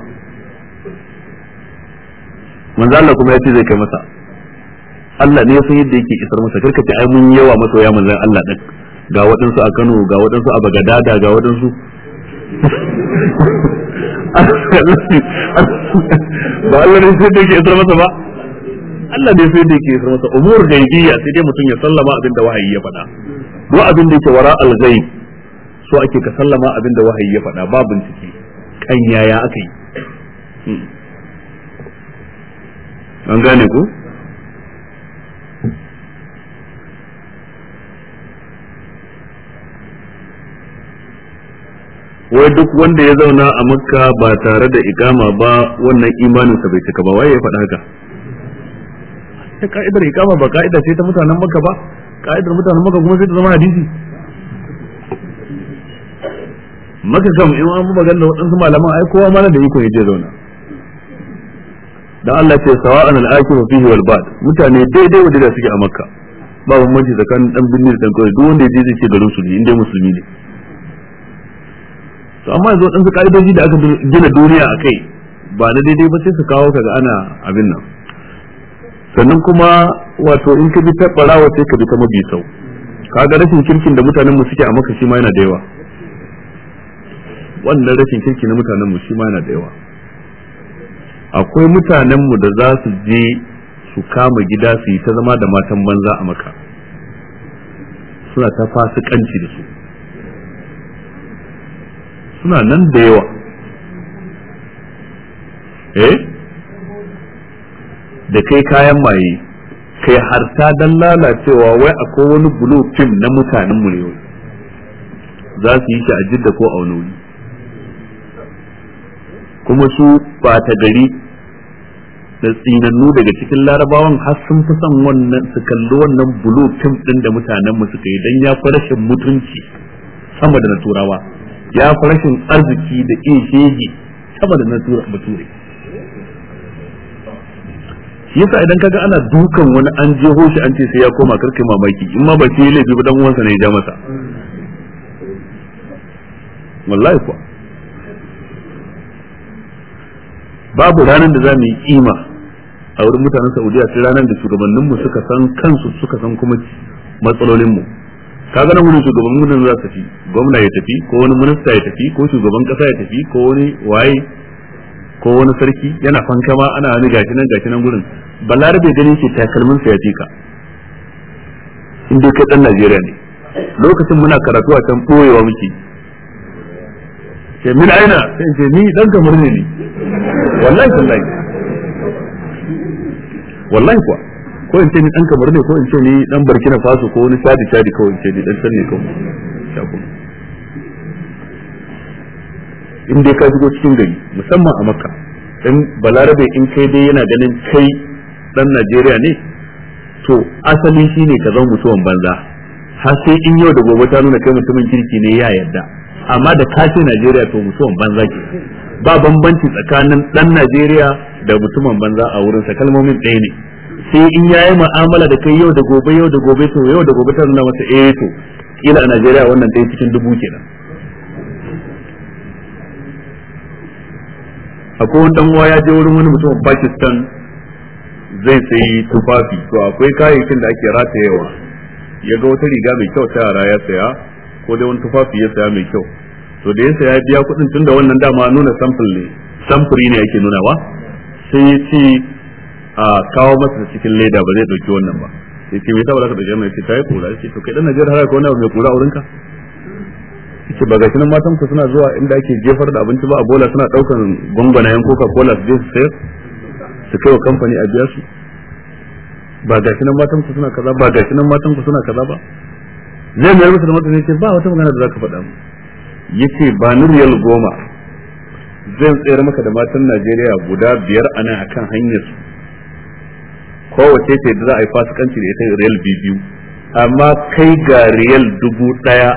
manzo Allah kuma ya ce zai kai masa Allah ne ya san yadda yake isar masa karka ce ai mun yawa masoya manzan Allah din ga waɗansu a Kano ga waɗansu a Bagadada ga waɗansu ba Allah ne sai yadda yake isar masa ba Allah ne sai yadda yake isar masa umur gaibiyya sai dai mutum ya sallama abin da wahayi ya faɗa Ba abin da yake wara al so ake ka sallama abin da wahayi ya faɗa ba bincike kan yaya aka yi hmm. an gane ku wai duk wanda ya zauna a makka ba tare da ikama ba wannan imaninsa bai cika ba waye ya faɗa haka ta ka'idar ikama ba ka'ida ce ta mutanen makka ba ka'idar mutanen makka kuma sai ta zama hadisi maka kam in an mu magana waɗansu malaman ai kowa mana da iko yaje zauna dan Allah ce sawa'an al-akif fihi wal bad mutane daidai wanda suke a makka ba bambanci tsakanin dan binni da dan kawai duk wanda yaje zai ce garin su ne inda musulmi ne to amma yanzu waɗansu ƙa'idoji da aka gina duniya a kai ba na daidai ba sai su kawo kaga ana abin nan sannan kuma wato in ka bi ta sai ka bi ta mabi sau kaga rashin kirkin da mutanen mu suke a maka shi ma yana da yawa wannan rashin kirki na mutanen mu shi ma yana da yawa akwai mutanen mu da za su je su kama gida su yi ta zama da matan banza a maka suna ta fasikanci da su suna nan da yawa eh da kai kayan maye kai harta dan lalacewa wai akwai wani bulu fim na mutanen mu ne za su yi shi a ko a wani wuri kuma su ba ta gari da tsinannu daga cikin larabawan har sun fi son wannan su kalli wannan bulu fim din da mutanen mu suka yi dan ya fi rashin mutunci sama da na turawa ya fi rashin arziki da iya shege sama da tura bature shi yasa idan kaga ana dukan wani an je hoshi an ce sai ya koma karkin mamaki in ma ba shi laifi ba dan uwansa ne ya ja masa wallahi kuwa babu ranar da za mu yi kima a wurin mutanen Saudiya sai ranar da shugabanninmu suka san kansu suka san kuma matsalolinmu kaga nan wurin shugaban gudun za su fi gwamna ya tafi ko wani minista ya tafi ko shugaban kasa ya tafi ko wani waye ko wani sarki yana fanka ma ana wani gashi nan gashi nan gurin bai ganin ke takalmin sa ya jika in dai kai dan Najeriya ne lokacin muna karatu a can koyewa muke ke min aina sai ce ni dan kamar ne ni wallahi wallahi wallahi kuwa ko in ce ni dan kamar ne ko in ce ni dan barkina faso ko wani sadi sadi ko in ce ni dan sanne ko in dai ka shigo cikin gari musamman a makka in balarabe in kai dai yana ganin kai dan najeriya ne to asali shine ka zama mutuwan banza har sai in yau da gobe ta nuna kai mutumin kirki ne ya yarda amma da ka ce najeriya to mutuwan banza ke ba bambanci tsakanin dan najeriya da mutumin banza a wurinsa kalmomin ɗaya ne sai in yayi mu'amala da kai yau da gobe yau da gobe to yau da gobe ta nuna masa eh to kila a Najeriya wannan dai cikin dubu kenan akwai wani dan ya je wurin wani mutum Pakistan zai sayi tufafi to akwai kayayyakin da ake ratayewa ya ga wata riga mai kyau ta yara ya saya ko dai wani tufafi ya saya mai kyau to da ya saya biya kuɗin tun da wannan dama nuna samfuri ne samfuri ne yake nunawa sai ya ce a kawo masa cikin leda ba zai dauki wannan ba sai ce me yasa ka dauki mai sai kai kura sai to kai dan Najeriya har wani wannan mai kura aurinka ce ba ga nan matan ku suna zuwa inda ake jefar da abinci ba a bola suna daukan gwangwanayen coca cola su je su sayar su kai wa kamfani a biya su ba ga nan matan ku suna kaza ba ga nan matan ku suna kaza ba zai mai rubuta da mutane ce ba wata magana da zaka faɗa mu yace ba ni riyal goma zan tsayar maka da matan Najeriya guda biyar a nan akan hanyar su kowace ce da za a yi fasikanci da ita riyal biyu amma kai ga riyal dubu daya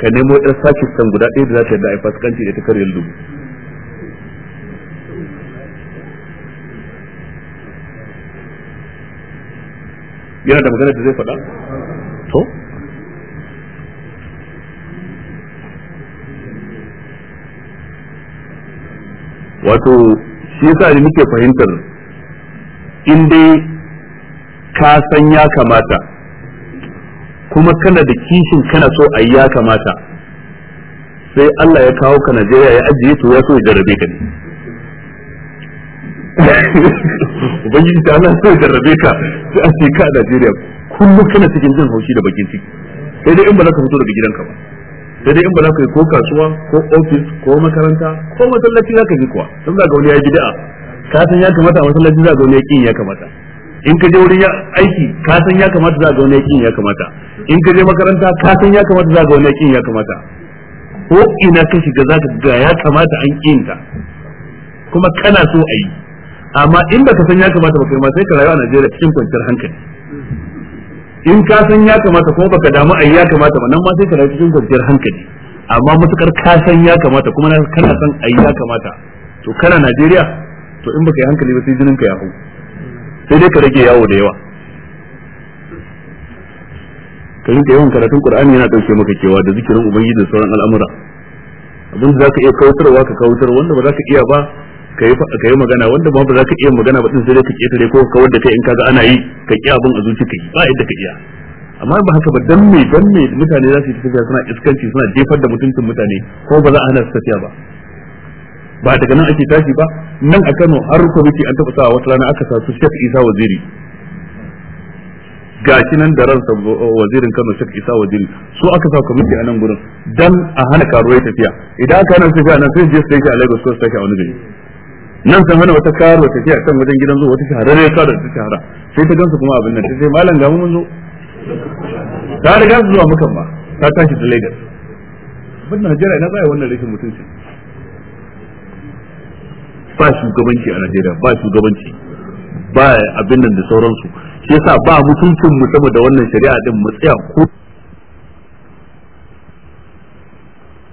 ka nemo ɗan sake san guda ɗaya da za ta yi da a yi fasikanci da ita ka riyal dubu yana da magana da zai faɗa to wato shi yasa ne muke fahimtar in dai ka san ya kamata kuma kana da kishin kana so a ya kamata sai Allah ya kawo ka Najeriya ya ajiye to ya so ya jarrabe ka ne ubangiji ta Allah so ya jarrabe ka sai a ce ka a Najeriya kullum kana cikin jin haushi da bakin ciki sai dai in ba za ka fito daga gidanka ba sai dai in ba za ka yi ko kasuwa ko ofis ko makaranta ko masallaci za ka je kuwa don ga wani ya yi bid'a ka san ya kamata a masallaci za ga wani ya kin ya kamata in ka je wurin aiki ka san ya kamata za ga wani yakin ya kamata in ka je makaranta ka san ya kamata za ga wani yakin ya kamata ko ina ka shiga za ka ga ya kamata an kinta kuma kana so a yi amma in baka san ya kamata ba kai ma sai ka rayu a Najeriya cikin kwanciyar hankali in ka san ya kamata kuma baka damu a ya kamata ba nan ma sai ka rayu cikin kwanciyar hankali amma matukar ka san ya kamata kuma kana san a ya kamata to kana Najeriya to in baka yi hankali ba sai jinin ka ya hau sai dai ka rage yawo da yawa ka rinka yawan karatun qur'ani yana dauke maka kewa da zikirin ubangiji da sauran al'amura abin da zaka iya kautarwa ka kautar wanda ba zaka iya ba ka yi magana wanda ba za ka iya magana ba din sai dai ka tare. ko kawar da kai in kaga ana yi ka ki abin a zuci ka yi ba yadda ka iya amma ba haka ba dan me dan me mutane za su yi tafiya suna iskanci suna jefar da mutuncin mutane ko ba za a hana su tafiya ba ba daga nan ake tashi ba nan a Kano har kwamiti an taɓa sawa wata rana aka sa su Sheikh Isa Waziri gashi nan da ransa wazirin Kano Sheikh Isa Waziri su aka sa kwamiti a nan gurin dan a hana karuwai tafiya idan aka hana tafiya nan sai je su tafi a Lagos ko su tafi a wani gari nan san hana wata karuwa tafiya kan wajen gidan zuwa wata shahararriyar da ta shahara sai ta gansu kuma abin nan ta ce malam ga mun zo ta riga zuwa mukan ba ta tashi da Lagos bin Najeriya ina za wannan rashin mutunci ba shugabanci a Najeriya ba shugabanci ba abin nan da sauransu shi yasa ba mutuncin mu sama da wannan shari'a din mu tsaya ko